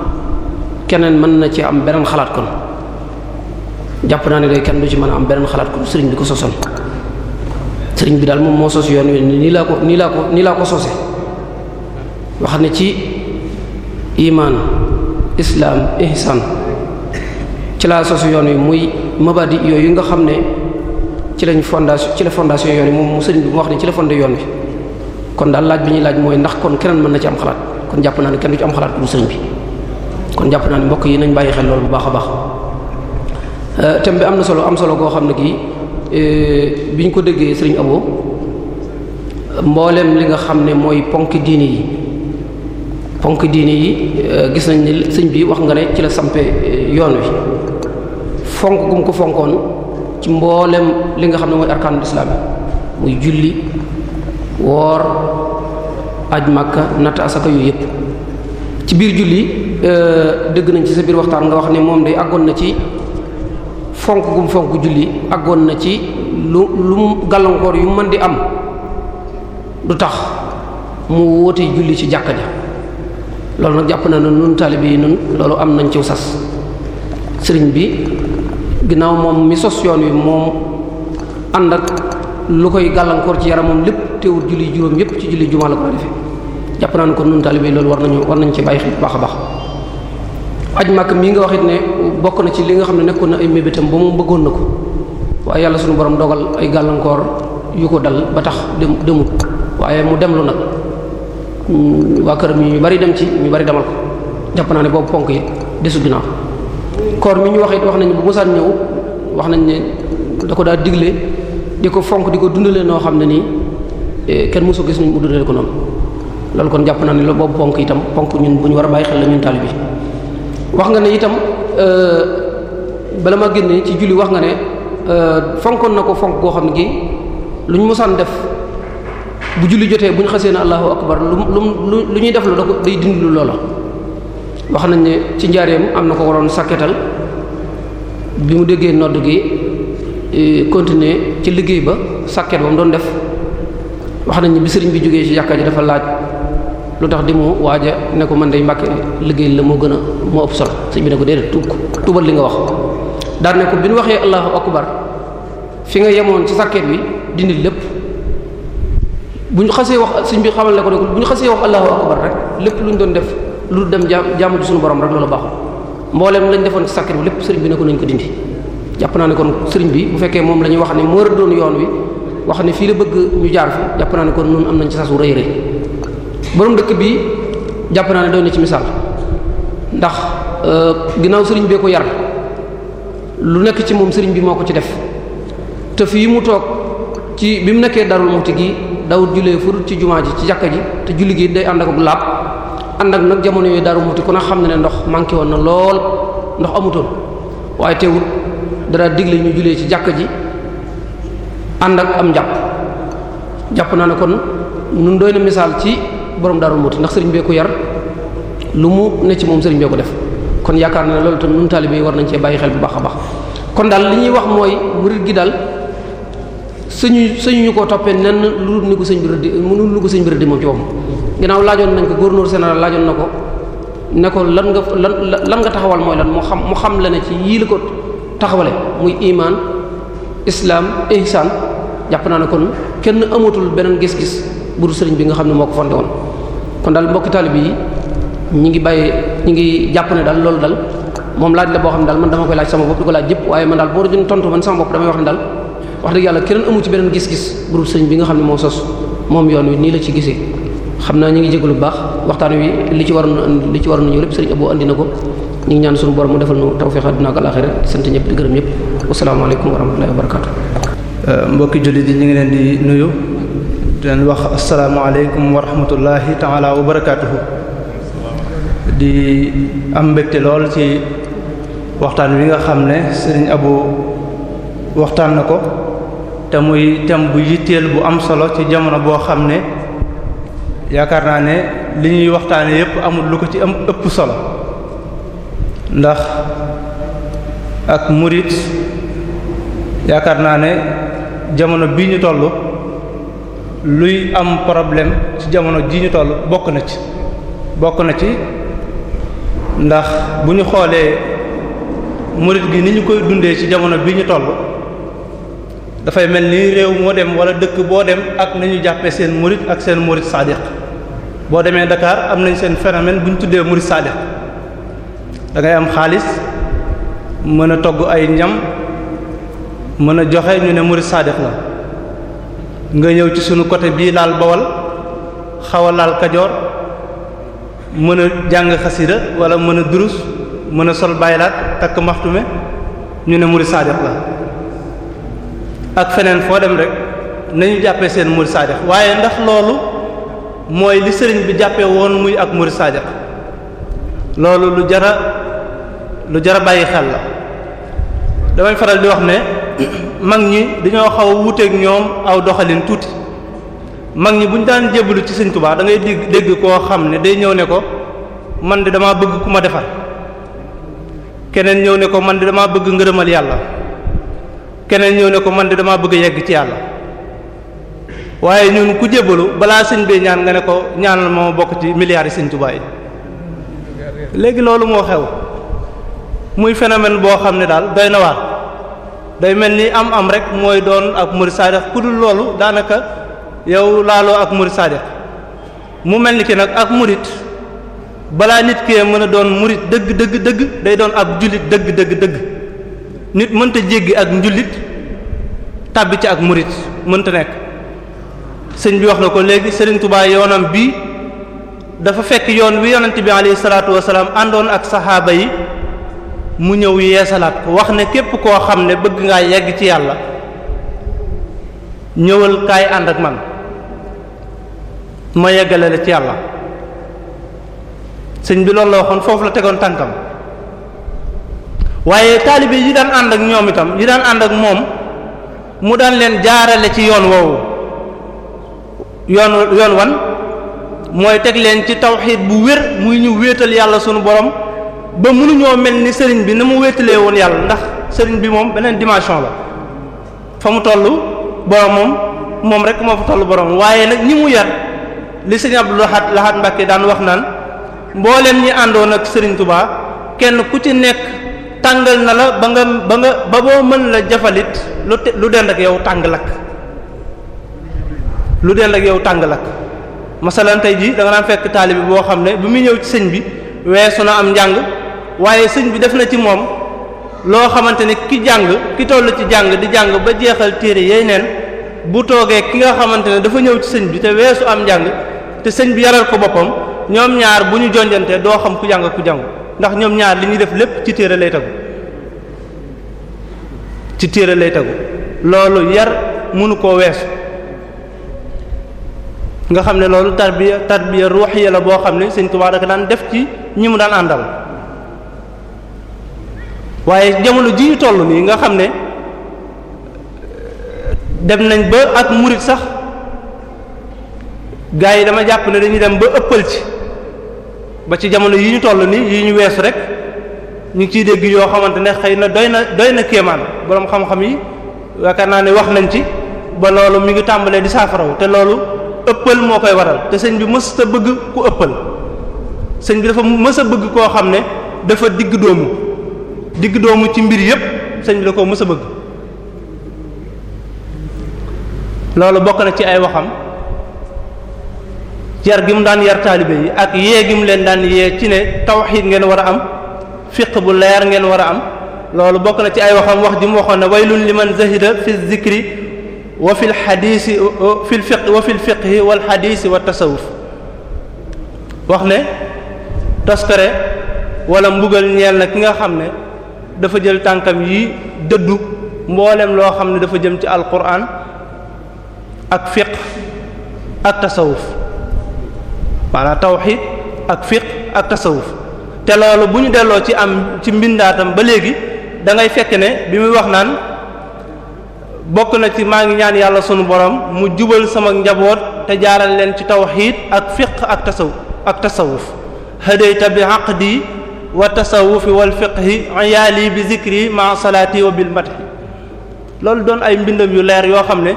keneen mën na ci am beneen xalaat kon jàpp naa ne day kenn du ci mën a am beneen xalaat kon sëriñ bi ko sosoon sëriñ bi daal moom moo sos yoon wi nii laa ko nii laa ko nii laa ko sose wax ne ci imaan islaam ihsan ci laa sosu yoon wi muy mabadi yooyu nga xam ne ci lañ fondation ci la fondation yoon wi moom mu sëñ bi mu wax ne ci la fondé yoon wi kon daal laaj bi ñuy laaj mooy ndax kon keneen mën na ci am xalaat kon jàpp naa ne kenn du ci am xalaat bu sëriñ bi kon jàpp naa ne mbokk yi nañ bàyyi xel loolu bu baax a baax euh, thème bi am na solo am solo goo xam ne kii euh, biñ ko déggee sëñ Abo mboolem li nga xam ne mooy ponk diini yi ponk diini yi euh, gis nañ ne sëñ bi wax nga ne ci la yoon wi fonk gum ko fonkoon ci mboolem li nga xam ne mooy arkaanul islaam yi muy julli woor aj màkka natt asaka yooyu yëpp ci biir julli euh, dëgg nañ ci sa biir waxtaan nga wax ne moom day àggoon na ci fonk gum fonk julli agoon na ci lu lu gàllankoor yu mën di am du tax mu wóote julli ci jàkka ja loolu nag jàpp na ne nun taalibe yi nun loolu am nañ ci sas sëriñ bi ginnaaw moom mi sos yoon wi moom ànd ak lu koy gàllankoor ci yaram moom lépp teewul julli juróom yépp ci julli jumaa la ko defee jàpp naa ne kon nun war nañu war nañu ci bàyyi xel a baax aj mii nga waxit ne bokk na ci li nga xam ne nekkoon na ay mébétam ba mu bëggoon na ko waaye yàlla suñu boroom dogal ay gàllankoor yu ko dal ba tax dem demut waaye mu demlu nag hmm, waa këram yi ñu bari dem ci ñu bari demal ko jàpp naa ne boobu ponk yi desu ginnaaw koor mi ñu wax wax nañ bu mosaan ñëw wax nañ ne da ko daa digle di ko fonk di ko dundalee noo xam ne nii eh, kenn mosu gis ñu mu dundalee ko noonu loolu kon jàpp naa ne la boobu ponk itam ponk ñun bu ñu war a bàyyi xel la ñun nga ne itam eh, bala ma génne ci julli wax nga ne eh, fonkoon na ko fonk goo xam ne gi lu ñu mosaan def bu julli jotee bu ñu xasee na allahu akbar lu lu lu ñuy def la da ko day dindi loola wax nañ ne ci njaareem am na ko waroon sàkketal bi mu déggee nodd gi e, continuer ci liggéey ba sàkket ba mu doon def wax nañ ni bi sëriñ bi jógee ci jàkka ji dafa laaj lu tax di mu waaja ne ko man day mbàkke liggéey la moo gën a moo ëpp solo sëñ bi ne ko déedéet tuub li nga wax daan ne ko bi nu waxee allahu bar fi nga yemoon ci sàkket bi dindi lépp bu ñu xasee wax sëñ bi xamal ne ko ne bu ñu xasee wax allahu akbar rek lépp lu ñu doon def lu dem jàmm jàmm ci suñu borom rek loolu baaxul mboolem lañ defoon ci sàkkar bi lépp sëriñ bi ne ko nañ ko dindi jàpp naa ne kon sëriñ bi bu fekkee moom la ñuy wax ne moo rëddoon yoon wi wax ne fii la bëgg ñu jaar fi jàpp naa ne kon nun am nañ ci sasu rëy rëy borom dëkk bi jàpp naa ne doy na ci misaal ndax euh, ginnaaw sëriñ bee ko yar lu nekk ci moom sëriñ bi moo ko ci def te fii mu toog ci bi mu nekkee darul muti gi dawut jullee furut ci jumaa ji ci jàkka ji te julli gi day ànd ak laab ànd ak nag jamono yooyu daaru muti ku ne xam ne ne ndox manqué woon na lool ndox amutoon waaye teewul dara digle ñu julee ci jàkk ji ànd ak am njàpp jàpp naa ne kon nun doy na misaal ci borom daaru muti ndax sëriñ bee ko yar lu mu ne ci moom sëriñ bee ko def kon yaakaar na ne loolu tam nun taalibe yi war nañ cee bàyyi xel bu baax a baax kon daal li ñuy wax mooy murid gi dal suñu suñu ñu ko toppee nenn lu dul ni ko sëñ bi rëdd mënul lu bi rëdd moom ci moom ginnaaw laajoon nañ ko gouverneur général laajoon na ko ne ko lan nga lan lan nga taxawal mooy lan mu xam mu xam la ne ci yii la ko taxawale muy iman islam ihsan jàpp naa ne kon kenn amatul beneen gis-gis bu dul sëriñ bi nga xam ne moo ko fonde woon kon daal mbokki taalibe yi ñi ngi bàyyi ñi ngi jàpp ne daal loolu daal moom laaj la boo xam ne daal man dama koy laaj sama bopp di ko laaj jëpp waaye tontu man sama damay wax ne daal wax dëgg yàlla keneen amu ci beneen gis-gis groupe sëriñ bi nga xam ne moo sos moom yoon wi nii la ci gisee xam naa ñu ngi jégalu bu baax waxtaan wi li ci waroon li ci waroon ñëw lépp sëriñ Abou andi na ko ñu ngi ñaan suñu borom mu defal ñu tawfiq àdduna ak alaaxira sant ñëpp di ñëpp wasalaamaaleykum wa rahmatullahi wa barakaatu. Euh, mbokki jullit yi ñu ngi leen di nuyu di leen wax asalaamaaleykum wa rahmatullahi taala wa barakaatuhu di am mbégte lool ci waxtaan wi nga xam ne sëriñ Abou waxtaan na ko. te muy thème bu yitteel bu am solo ci jamono boo xam ne yaakaar naa ne li ñuy waxtaane yépp amul lu ko ci ëpp solo ndax ak murit yaakaar naa ne jamono bii ñu toll luy am problème ci jamono ji ñu toll bokk na ci bokk na ci ndax bu ñu xoolee murit gi ni ñu koy dundee ci jamono bii ñu toll dafay mel ni réew moo dem wala dëkk boo dem ak nañu jàppee seen murit ak seen murit sadiq boo demee Dakar am nañ seen phénomène bu ñu tuddee murit sadiq dangay am xaalis mën a togg ay ñam mën a joxe ñu ne murit sadiq la nga ñëw ci sunu côté bii laal bawal xaw a laal kajoor mën a jàng xasida wala mën a durus mën a sol baylaat takk maxtume ñu ne murit sadiq la ak feneen foo dem rek nañu jàppee seen murid saadiq waaye ndax loolu mooy li sëriñ bi jàppee woon muy ak murid saadiq loolu lu jara lu jara bàyyi xel la damay faral di wax ne mag ñi dañoo xaw a wuuteeg ñoom aw doxalin tuuti mag ñi bu ñu daan jébbalu ci sëñ Tuubaa da ngay dégg dégg koo xam ne day ñëw ne ko man de dama bëgg ku ma defar keneen ñëw ne ko man de damaa bëgg ngërëmal yàlla keneen ñëw ne ko man de damaa bëgg yegg ci yàlla waaye ñun ku jébalu balaa sëñ bee ñaan nga ne ko ñaanal ma bokk ci milliards yi sëñ Tuubaa yi léegi loolu moo xew muy phénomène boo xam ne daal doy na waa day mel ni am am rek mooy doon ak murid saadix ku dul loolu daanaka yow laaloo ak murid saadix mu mel ni ki nag ak murit balaa nit kee mën a doon murit dëgg dëgg dëgg day doon ab jullit dëgg dëgg dëgg nit mënta jéggi ak njullit tàbbi ci ak murit mënta nekk sëñ bi wax na ko léegi Sëriñ Tuubaa yoonam bii dafa fekk yoon wi yonent bi alayhi salaatu wasalaam àndoon ak saxaaba yi mu ñëw yeesalaat ko wax ne képp koo xam ne bëgg ngaa yegg ci yàlla ñëwal kaay ànd ak man ma yeggale la ci yàlla sëñ bi loolu la waxoon foofu la tegoon tànkam waaye taalibe yi daan ànd ak ñoom itam yi daan ànd ak moom mu daan leen jaarale ci yoon woowu yoon yoon mooy teg leen ci tawxiid bu wér muy ñu wéetal yàlla sunu borom ba mënuñoo mel ni sëriñ bi na mu wéetalee woon yàlla ndax sëriñ bi moom beneen dimension la fa mu toll borom moom moom rek moo fa toll borom waaye nag ñi mu yar li sëriñ Abdou Lahad Lahad Mbacke daan wax naan mbooleen ñi àndoon ak sëriñ Touba kenn ku ci nekk tàngal na la ba nga ba nga ba boo mën la jafalit lu te lu dend ak yow tàng lakk lu dend ak yow tàng lakk masalan tey jii da nga daan fekk taalibe boo xam ne bu muy ñëw ci sëñ bi weesu na am njàng waaye sëñ bi def na ci moom loo xamante ni ki jàng ki toll ci jàng di jàng ba jeexal téere yeneen bu toogee ki nga xamante ne dafa ñëw ci sëñ bi te weesu am njàng te sëñ bi yaral ko boppam ñoom ñaar bu ñu jonjante doo xam ku jàng ku jàngu ndax ñoom ñaar li ñuy def lépp ci téere lay tegu ci téere lay tegu loolu yar mënu koo weesu nga xam ne loolu tarbiya tarbiya ruuxiya la boo xam ne Sëriñ Tuubaa daka daan def ci ñi mu daan àndal waaye jamono ji ñu toll nii nga xam ne dem nañ ba ak murit sax gaa yi dama jàpp ne dañuy dem ba ëppal ci ba ci jamono yi ñu toll nii yi ñu weesu rek ñu ngi ciy dégg yoo xamante ne xëy na doy na doy na kéemaan boroom xam-xam yi yaakaar naa ne wax nañ ci ba loolu mi ngi tàmbalee di saafaraw te loolu ëppal moo koy waral te sëñ bi mës a bëgg ku ëppal sëñ bi dafa mës a bëgg koo xam ne dafa digg doomu digg doomu ci mbir yépp sëñ bi da koo mës a bëgg loolu bokk na ci ay waxam yar gi mu daan yar taalibe yi ak yee gi mu leen daan yee ci ne tawxiid ngeen war a am fiq bu leer ngeen war a am loolu bokk na ci ay waxam wax ji mu waxoon ne waylun liman zahida fi zikri wa fi lxadisi fi lfiq wa wa tasawuf wax ne toskare wala mbugal ñeel na ki nga xam ne dafa jël tànkam yi dëddu mboolem loo xam ne dafa jëm ci alquran ak fiq ak tasawuf maanaam tawxid ak fiqh ak tasawuf te loolu bu ñu delloo ci am ci mbindaatam ba léegi dangay fekk ne bi muy wax naan bokk na ci maa ngi ñaan yàlla sunu boroom mu jubal sama njaboot te jaaral leen ci tawxid ak fiqh ak tasaw ak tasawuf hadayta bi aqdi wa tasawufi wal fiqhi iyaali bi zikri ma salaati wa bil madhi loolu doon ay mbindam yu leer yoo xam ne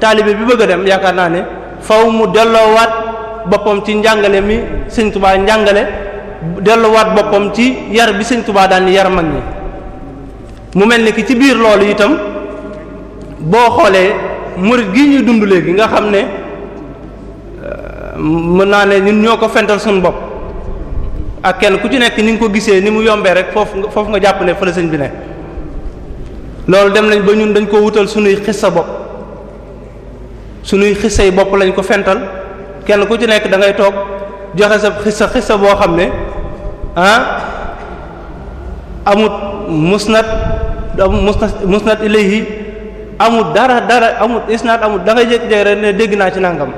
taalibe bi bëgg a dem yaakaar naa ne faw mu delloowaat boppam ci njàngale mi sëñ tubaa njàngale delluwaat boppam ci yar bi sëñ tubaa daan yar mag ñi mu mel ni ki ci biir loolu itam boo xoolee murit gi ñuy dund léegi nga xam ne euh, mën naa ne ñun ñoo ko fental suñu bopp ak kenn ku ci nekk ni nga ko gisee ni mu yombee rek foofu foofu nga jàpp ne fële sëñ bi ne loolu dem nañ ba ñun dañ koo wutal suñuy xis sa bopp suñuy say bopp lañ ko fental kenn ku ci nekk dangay toog joxe sa xissa xissa boo xam ne ah amut musnad musnad musnad ilayhi amut dara dara amut isnad amut da ngay jékki rek ne dégg naa ci nangam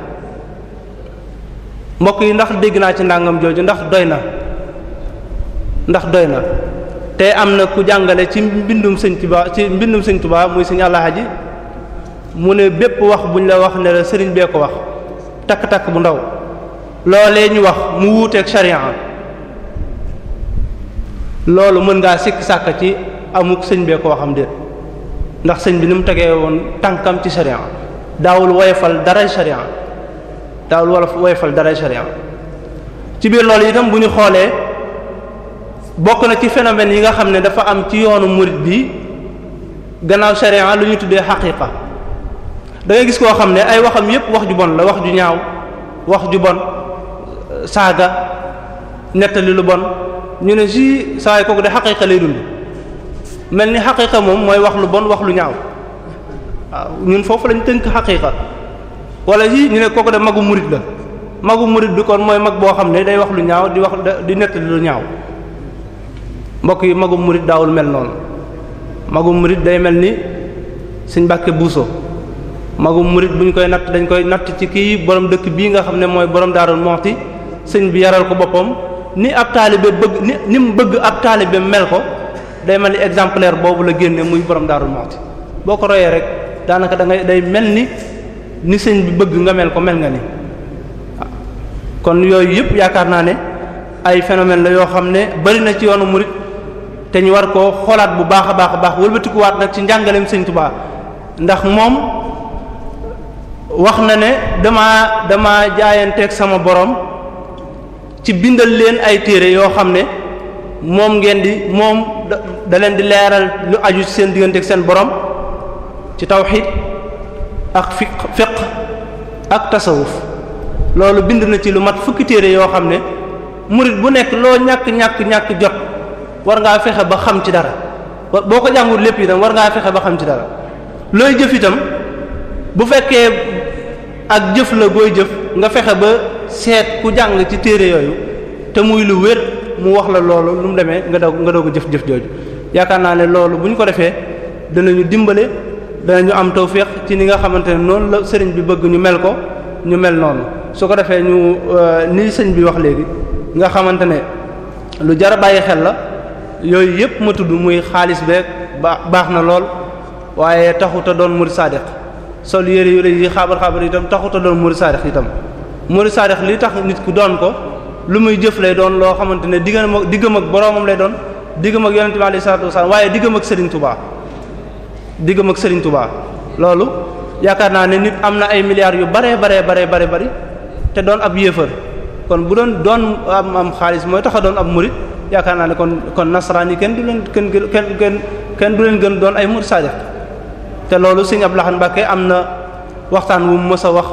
mbokk yi ndax dégg naa ci nangam jooju ndax doy na ndax doy na te am na ku jàngale ci mbindum sëñ Tuubaa ci mbindum sëñ Tuubaa muy sëñ Alaaji mu ne bépp wax buñ la wax ne la sëriñ bee ko wax takk-takk bu ndaw loolee ñu wax mu wuuteeg sharia loolu mën ngaa sikk sàkk ci amuk sëñ bee ko waxam déet ndax sëñ bi ni mu tegee woon tànkam ci sharia daawul woyefal daray sharia daawul wala woyefal ci biir loolu itam bu ñu xoolee bokk na ci phénomène yi nga xam ne dafa am ci yoonu murid bi gannaaw sharia lu ñu tuddee xaqiqa da gis koo xam ne ay waxam yépp wax ju bon la wax ju ñaaw wax ju bon saaga nettali lu bon ñu ne si saa yi kooku de xaqiiqa lay dund mel ni xaqiiqa moom mooy wax lu bon wax lu ñaaw waaw ñun foofu lañ tënk xaqiiqa wala si ñu ne kooku de magu murit la magu murit bi kon mooy mag boo xam ne day wax lu ñaaw di wax di nettali lu ñaaw mbokk yi magum murit daawul mel noonu magu murit day mel ni suñ bàkke buuso magum murit bu ñu koy natt dañu koy natt ci kii borom dëkk bii nga xam ne mooy borom Daaru Muxti sëñ bi yaral ko boppam ni ab taalibe bëgg ni ni mu bëgg ab taalibe mel ko day mel ni exemplaire boobu la génne muy borom Daaru Muxti boo ko royee rek daanaka dangay ngay day mel ni ni sëñ bi bëgg nga mel ko mel nga ni kon yooyu yëpp yaakaar naa ne ay phénomène la yoo xam ne bari na ci yoonu murit te ñu war ko xoolaat bu baax a baax a baax wëlbatikuwaat na ci njàngaleem sëñ Tuubaa ndax wax na ne dama damaa jaayanteeg sama borom ci bindal leen ay téere yoo xam ne moom ngeen di moom da leen di leeral lu aju ci seen digganteeg seen borom ci tawxiid ak fiq fiq ak tasawuf loolu bind na ci lu mat fukki téere yoo xam ne murit bu nekk loo ñàkk ñàkk ñàkk jot war ngaa fexe ba xam ci dara boo ko jàngul lépp itam war ngaa fexe ba xam ci dara looy jëf itam bu fekkee ak jëf la booy jëf nga fexe ba seet ku jàng ci téere yooyu te muy lu wér mu wax la loolu lu mu demee nga doog nga doog a jëf jëf jooju yaakaar naa ne loolu bu ñu ko defee danañu dimbale ñu am tawféex ci ni nga xamante ne noonu la sëriñ bi bëgg ñu mel ko ñu mel noonu su ko defee ñu euh, ni sëñ bi wax léegi nga xamante ne lu jar a bàyyi xel la yooyu yépp ma tudd muy xaalis beeg ba baax na lool waaye taxuta doon murid sadiq sol yére yu rëy yi xaabar xaabar itam taxuta doon murid saadix itam murid saadix li tax nit ku doon ko lu muy jëf lay doon loo xamante ne diggam ak diggam ak boroomam lay doon diggam ak yonente bi alayhi salaatu wasalaam waaye diggam ak Serigne Touba diggam ak Serigne Touba loolu yaakaar naa ne nit am na ay milliards yu baree baree baree bare bari te doon ab yéefar kon bu doon doon am am xaalis mooy tax a doon ab murid yaakaar naa ne kon kon nasaraan yi kenn du leen kenn kenn kenn du leen gën doon ay murid saadix te loolu sëñ Abdou Lahad Mbacké am na waxtaan wu mës a wax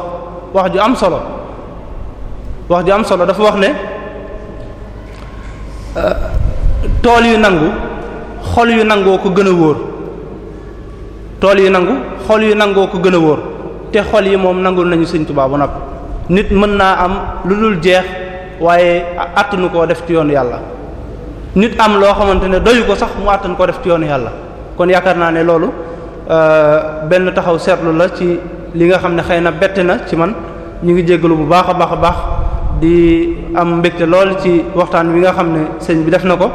wax ju am solo wax ju am solo dafa wax ne euh, tool yu nangu xol yu nangoo ko gën a wóor tool yu nangu xol yu nangoo ko gën a wóor te xol yi moom nangul nañu sëñ Tuubaa ba noppi nit mën naa am lu dul jeex waaye àttanu koo def ci yoonu yàlla nit am loo xamante ne doyu ko sax mu àttan koo def ci yoonu yàlla kon yaakaar naa ne loolu Euh, benn taxaw seetlu la ci li nga xam ne xëy na bett na ci man ñu ngi jéggalu bu baax a baax a baax di am mbégte lool ci waxtaan wi nga xam ne sëñ bi def na ko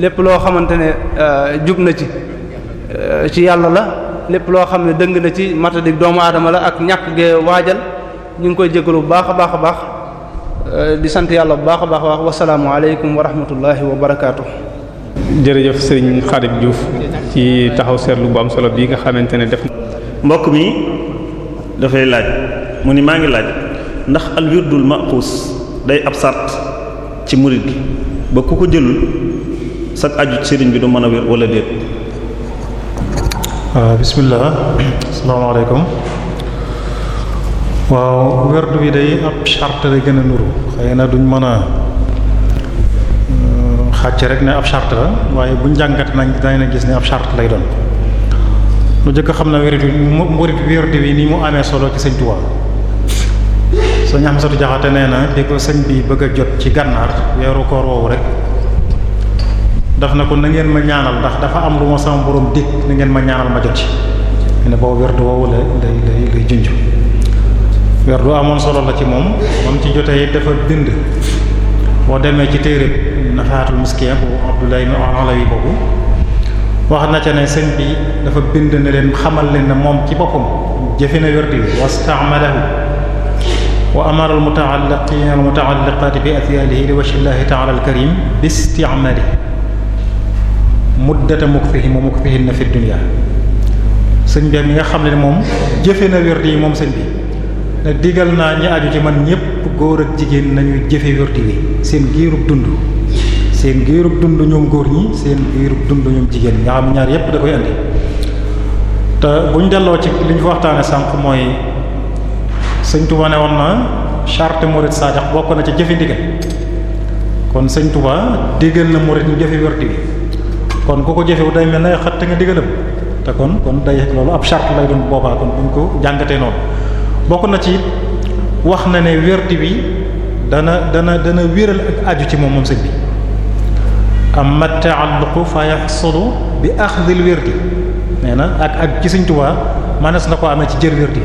lépp loo xamante ne euh, jub na ci euh, ci yàlla la lépp loo xam ne dëng na ci matadik doomu aadama la ak ñàkk gee waajal ñu ngi koy jéggalu bu baax a baax a baax di sant yàlla bu baax a baax a baax wasalaamualeykum wa rahmatullahi wa jërëjëf sëriñ Xaadim Diouf ci taxaw seetlu bu am solo bii nga xamante ne def mbokk mi dafay laaj mu ni maa ngi laaj ndax al wirdul maqus day ab sart ci murid gi ba ku ko jëlul sag aju sëriñ bi du mën a wér wala déet waaw ah, bismillah asalaamaaleykum waaw werd bi day ab sart la gën a nuru xëy na duñ mën xàcc rek ne ab charte la waaye bu ñu jàngat nañ danañ gis ne ab charte lay doon lu jëkk xam na wérit murit wérdi wi ni mu amee solo ci sëñ Tuubaa sëñ Amsatu Jaxate nee na bi ko sëñ bi bëgg a jot ci gànnaar weeru koor woowu rek daf na ko na ngeen ma ñaanal ndax dafa am lu ma sama borom dégg na ngeen ma ñaanal ma jot ci ne boobu werdu woowu la lay lay lay junj werdu amoon solo la ci moom moom ci jotee dafa bind boo demee ci téere Nafaatul Miskiyya bu Abdullah ibn Alawi boobu wax na ca ne sëñ bi dafa bind na leen xamal leen ne moom ci boppam jëfe na werdi wi wasta'malahu wa amara al-muta'alliqina wal muta'alliqati bi athyalihi li wajhillahi ta'ala al-karim bi isti'mali muddata mukfihi wa mukfihinna fi dunya sëñ bi mi nga xam ne moom jëfe na werdi yi moom sëñ bi ne digal naa ña aju ci man ñépp ñépp góor ak jigéen nañu jëfe werdi wi seen giirub dund seen giirub dund ñoom góor ñi seen giirub dund ñoom jigéen nga xam ñaar yépp da koy andi te bu ñu delloo ci li ñu fa waxtaane sànq mooy sëñ Touba ne woon na charte murid sadiq bokk na ci jëfe ndigal kon sëñ Touba na murid ñu jëfe werdi wi kon ku ko jëfewu day mel na te nga digalam te kon kon day loolu ab charte lay doon boobaa kon buñ ko jàngatee noonu bokk na ci wax na ne werd bi dana dana dana wéral ak aju ci moom moom sëñ bi amma taalluqu fa yaxsulu bi axdil werd nee na ak ak ci sëñ Tuubaa manees na ko amee ci jër werd bi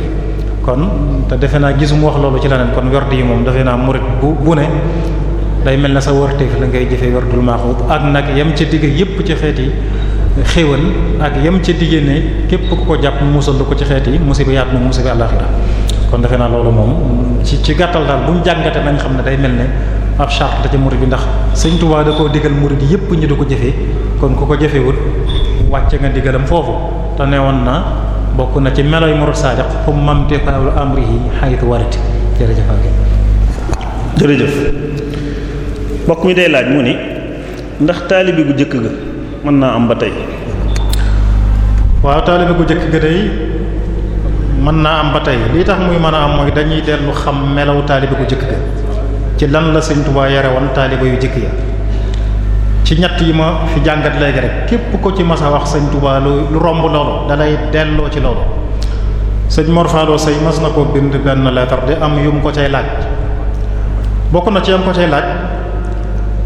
kon te defe naa gisum wax loolu ci leneen kon werd yi moom defe naa murit bu bu ne day mel na sa warteef la ngay jëfe werdul maaxuut ak nag yam ca digg yépp ci xeet yi xéwal ak yem ca digée ne képp ku ko jàpp musal lu ko ci xeet yi musiba yaat na musiba àllaxira kon defe naa moom ci ci gàttal daal buñ jàngate nañ xam ne day mel ne ab charte la ci murid bi ndax sëñ Tuubaa da koo digal murid yépp ñu du ko jëfee kon ku ko jëfewut wàcce nga digalam foofu te ne woon naa bokk na ci melo meloy murid saadiq fu mam tepalu amrihi haythu warat jërëjëf ak jërëjëf mbokk mi day laaj mu ni ndax taalibe bu jëkk ga mën naa am ba tey waaw taalibe gu jëkk ga day mën naa am ba tey lii tax muy mën a am mooy dañuy dellu xam melow taalibe bu jëkk ga ci lan la Sëriñ Tuubaa yare woon taalibe yu jëkk ya ci ñett yi ma fi jàngat léegi rek képp ko ci masa a wax Sëriñ Tuubaa lu romb loolu dalay delloo ci loolu sëñ Mor Fallou Sey mas na ko bind benn lettre di am yum ko cay laaj bokk na ci am ko cay laaj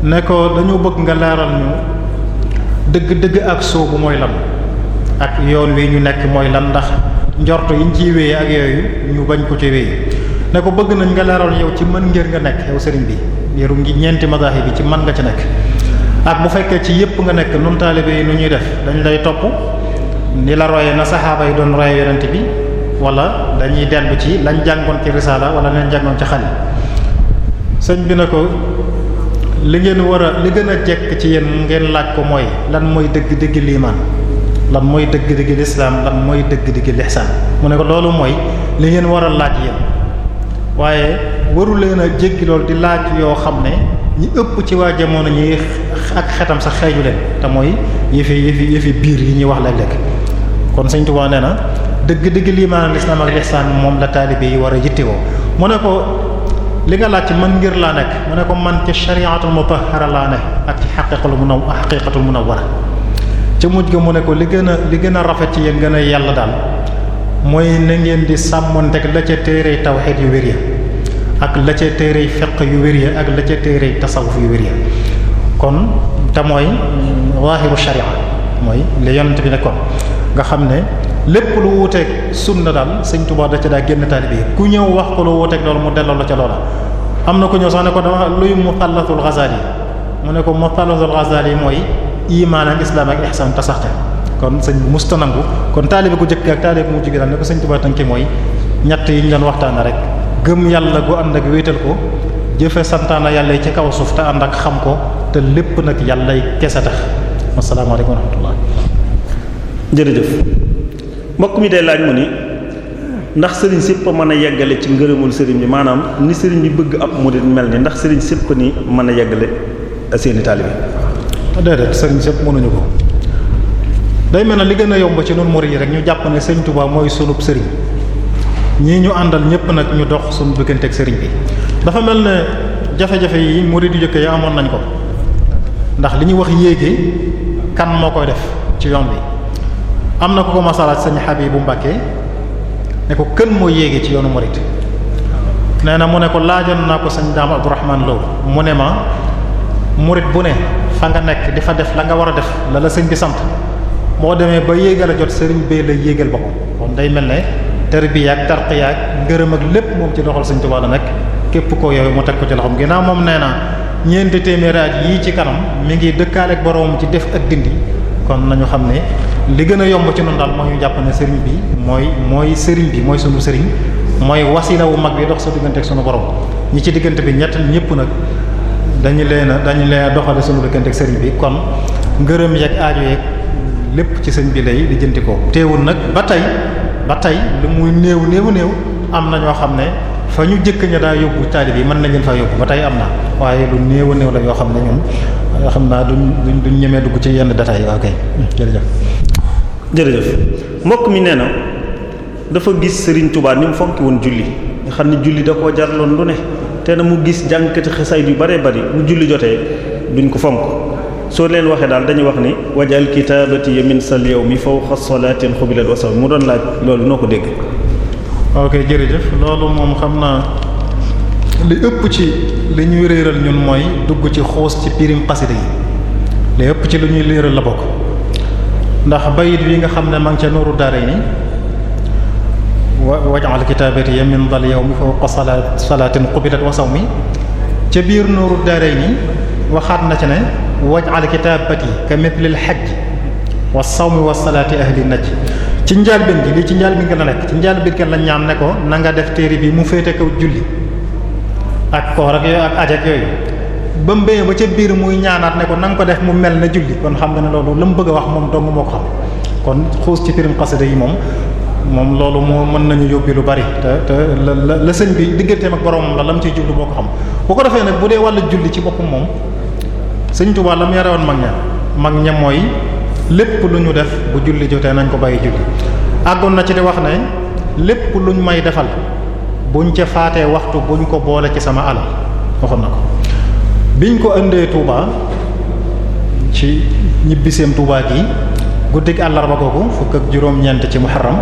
ne ko dañu bëgg nga laaral ñu dëgg-dëgg ak soobu mooy lan ak yoon wii ñu nekk mooy lan ndax njort yiñ ciy wéyee ak yooyu ñu bañ ko ci wéyee ne ko bëgg nañ nga leeral yow ci man ngir nga nekk yow sëriñ bi yëru ngi ñeenti mazahib bi ci man nga ci nekk ak bu fekkee ci yépp nga nekk nun taalibe yi nu ñuy def dañ lay topp ni la royee na saxaaba yi doon royee yonent bi wala dañuy dellu ci lañ jàngoon ci risaala wala lañ jàngoon ci xali sëñ bi na ko li ngeen war a li gën a jekk ci yéen ngeen laaj ko mooy lan mooy dëgg dëgg liimaan lan mooy dëgg-dëgg lislaam lan mooy dëgg-dëgg lixsaan mu ne ko loolu mooy li ngeen war a laaj yéen waaye waru leen a jéggi loolu di laaj yoo xam ne ñi ëpp ci waa jamono ñi ak xetam sax xeeju leen te mooy yëfi yëfi yëfi biir yi ñuy wax léeg lekk kon Sëriñ Tuubaa nee na dëgg-dëgg lii maanaam lislaam ak lixsaan moom la taalibe yi war a yittewoo mu ne ko li nga laaj man ngir laa nekk mu ne ko man ci shari'atul mutahhara laa nekk ak ci a munawwara mun munawwara ca mujj ga mu ne ko li gën a li gën a rafet ci yéen gën a yàlla daal mooy na ngeen di sàmmonteeg la ca téere tawxid yu wér ya ak la ca téere fiq yu wér ya ak la ca téere tasawuf yu wér ya kon te mooy waahiru sharia mooy li yonent bi ne kon nga xam ne lépp lu wuuteeg sunna daal sëñ Tuubaa da ca daa génn taalibe ku ñëw wax ko lu wuuteeg loolu mu delloo la ca loola am na ko ñëw sax ne ko dama luy muxallatul Ghazali mu ne ko muxallatul Ghazali mooy imaan ak islaam ak ihsaan tasaxte kon sëñ bi musta nangu kon taalibe ko jëkk ak taalibe mu jigéen daal ne ko sëñ Tuubaa tënke mooy ñett yi ñu doon waxtaana rek gëm yàlla gu ànd ak wéetal ko jëfe santaana yàlla yi ci kaw suuf te ànd ak xam ko te lépp nag yàllay kese tax asalaamaaleykum wa rahmatullah jërëjëf mbokk mi day laaj mu ni ndax sëriñ sépp mën a yeggale ci ngërëmul sëriñ bi maanaam ni bi bëgg ab murid mel ni ndax sëriñ sépp ni mën a yeggale seeni taalibe Ah, déedéet sëriñ sëpp mënuñu ko day mel ne li gën a yomb ci nun murid yi rek ñu jàpp ne sëriñ Tuubaa mooy sunub sëriñ ñii ñu àndal ñëpp nag ñu dox suñu bëgganteeg sëriñ bi dafa mel na jafe-jafe yi murid yu jëkk yi amoon nañ ko ndax li ñuy wax yéege kan moo koy def ci yoon bi am na ko ko masalaat sañ sëñ Habibu Mbàkke ne ko kën moo yéege ci yoonu murid nee na mu ne ko laajoon naa ko sañ Daam Abdurahmaan Lo mu ne ma murid bu ne fa nga nekk di fa def la nga war a def la la sëñ bi sant moo demee ba yéegal a jot sëriñ bee la yéegal boppam kon day mel ne tarbiya ak tarqiya ak ngërëm ak lépp moom ci loxol sëñ Tuubaa la nekk képp koo yooyu mu teg ko ci loxoom ginnaaw moom nee na ñeenti téeméeri at yii ci kanam mi ngi dëkkaale ak boroom ci def ak dindi kon nañu xam ne li gën a yomb ci noonu daal moo ñu jàpp ne sëriñ bi mooy mooy sëriñ bi mooy sunu sëriñ mooy wasila wu mag bi dox sa diggante ak sunu borom ci diggante bi ñett ñëpp nag dañu leen a dañu leen a doxale sunu dëkkante ak sëriñ bi kon ngërëm yeeg aajo yeeg lépp ci sëñ bi lay di jënti teewul nag ba tey ba tey lu muy néew néew néew am na ñoo xam ne fa ñu jëkk ña daa yóbbu taalib bi mën nañ leen fa yóbbu ba tey am na waaye lu néew néew la yoo xam ne ñun xam naa duñ duñ ñemee dugg ci yenn détails yi ok jërëjëf. jërëjëf mbokk mi nee na dafa gis sëriñ Touba ni mu fonki woon julli nga xam ne julli da ko jarloon lu ne. te na mu gis jànkati xasaayid yu bëree bëri bu julli jotee duñ ko fonk soo leen waxee daal dañuy wax ni wajal kitaabati min sal yawmi fawqa salaatin xubilat wasaw mu doon laaj loolu noo ko dégg ok jërëjëf loolu moom xam naa li ëpp ci li ñuy réeral ñun mooy dugg ci xoos ci pirim xasida yi li ëpp ci li ñuy réeral la bokk ndax bayit wi nga xam ne ma ngi ca nooru daara ni waj'al kitaabati minzal yawmi fawqa salaat salaatin qubilat wa sawmi ca biir Nuurud Daarayni waxaat na ci ne waj'al kitaabati ka mithlil hajj wa sawmi wa salaati ahli naj ci njaal bin gi ci njaal la nekk ci njaal bin gi la ñaan ne ko nanga def téere bi mu féete kaw julli ak koor yooyu ak aj ak ba mbéyee ca biir muy ñaanaat ne ko na nga ko def mu mel na julli kon xam nga na loolu la mu bëgg a wax moom dong moo ko xam kon xuus ci firim xasida moom moom loolu moo mën nañu yóbbi lu bari te te la la la sëñ bi digganteem ak boromam la lam ciy jublu boo ko xam bu ko defee nag bu dee wàllu julli ci boppam moom sëñ Tuubaa la mu woon mag ña mag ña mooy lépp lu ñu def bu julli jotee nañ ko bàyyi julli àggoon na ci di wax ne lépp luñ may defal buñ ca faatee waxtu buñ ko boole ci sama alal waxoon na ko biñ ko indee Touba ci ñibbiseem Touba gi guddik àllarba googu fukk ak juróom-ñeent ci muharram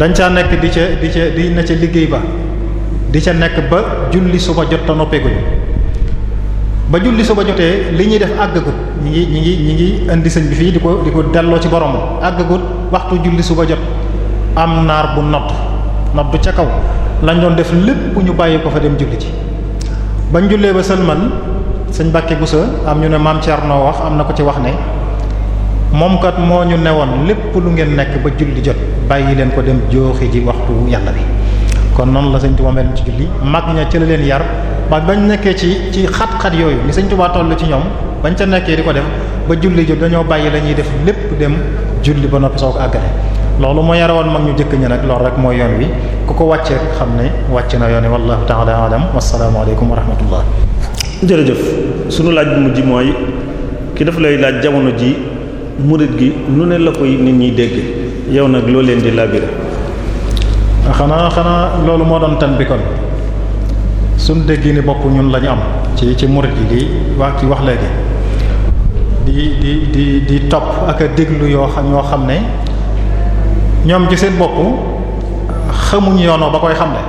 dañ caa nekk di ca di ca di na ca liggéey ba di ca nekk ba julli suba jot noppeeku noppeeguñu ba julli suba jotee li ñuy def àggagut ñi ngi ñi ngi ñi ngi indi sëñ bi fii di ko di ko delloo ci borom àggagut waxtu julli suba jot am naar bu nodd nodd ca kaw lañ doon def lépp ñu bàyyi ko fa dem julli ci bañ jullee ba sëlman sëñ Bakke Boussa am ñu ne maam Thierno wax am na ko ci wax ne moom kat moo ñu ne woon lépp lu ngeen nekk ba julli jot bàyyi leen ko dem jooxe ji waxtu yàlla bi kon noonu la sañ sëñ Tuba mel ci julli mag ña ci la leen yar ba bañ nekkee ci ci xat-xat yooyu li sëñ Tuba toll ci ñoom bañ ca nekkee di ko def ba julli ji dañoo bàyyi la ñuy def lépp dem julli ba noppi soo ko àggale loolu moo yara woon mag ñu jëkk ñi nag loolu rek mooy yoon wi ku ko wàcce xam ne wàcc na yoon wi wallahu ta'ala alam wasalaamaaleykum wa rahmatullah jërëjëf sunu laaj bu mujj mooy ki daf lay laaj jamono ji murid gi lu ne la koy nit ñiy dégg yow nag loo leen di labiré ah, xanaa xanaa loolu moo doon tan bi kon suñ déggi ni bopp ñun lañu am ci ci murid yi di wax ci wax léegi di di di di topp ak a déglu yoo xam ñoo xam ne ñoom ci seen bopp xamuñu yoonoo ba koy xam ne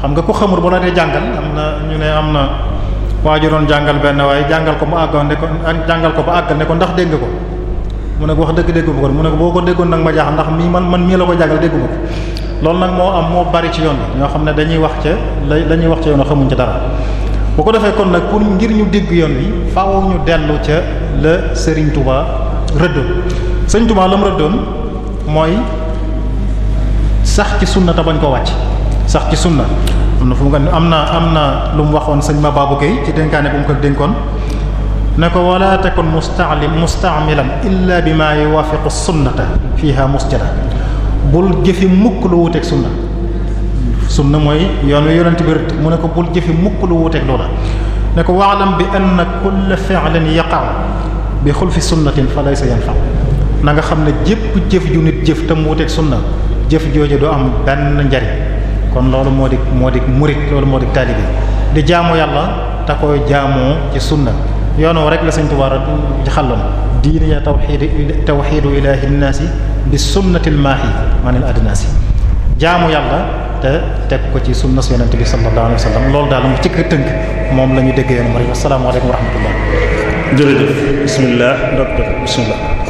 xam nga ku xamul bu la dee jàngal am na ñu ne am na waa ju jàngal benn waaye jàngal ko mu àggoon ne ko jàngal ko ba àggal ne ko ndax dégg ko mu ne ko wax dëgg dégguma ko mu ne ko boo ko déggoon nag ma jaaxal ndax mii man man mii la ko jàngal dégguma ko loolu nag moo am moo bari ci yoon bi ñoo xam ne dañuy wax ca la ñuy wax ca xamuñ ci dara bu ko defee kon nag pour ngir ñu dégg yoon wi faaw ñu dellu ca la Serigne Touba rëddoon Serigne Touba la mu rëddoon mooy sax ci sunna te bañ koo wàcc sax ci sunna am na fu mu am na am na lu mu waxoon sëñ Mababou Guèye ci dénkaane bu mu ko dénkoon ne ko wala kon mustalim mustaamilan illa bi maa yuwaafiqu sunnata fiha musjada bul jëfi mukk lu wuteeg sunna sunna mooy yoon wi yonent mu ne ko bul jëfi mukk lu wuteeg loola ne ko waalam bi anna kulla fi'lin yaqa'u bi xulfi sunnatin fa laysa yanfa na nga xam ne jëpp jëf ju nit jëf te mu wuteeg sunna jëf jooju du am benn njari kon loolu moo di moo di murit loolu moo di taalibi di jaamu yàlla te koy jaamoo ci sunna yoonu rek la Sëriñ Tuubaa xalloon diine ya tawxiid tawxiidu ilaahi nnaasi bi sunnatil maahi manil adnaasi jaamu yàlla te teg ko ci sunna su yonent bi sallallahu alayhi wa sallam loolu daal mu ci tënk moom la ñu déggee yoonu ma rek asalaamaaleykum wa rahmatullah jërëjëf bismillah docteur bismillah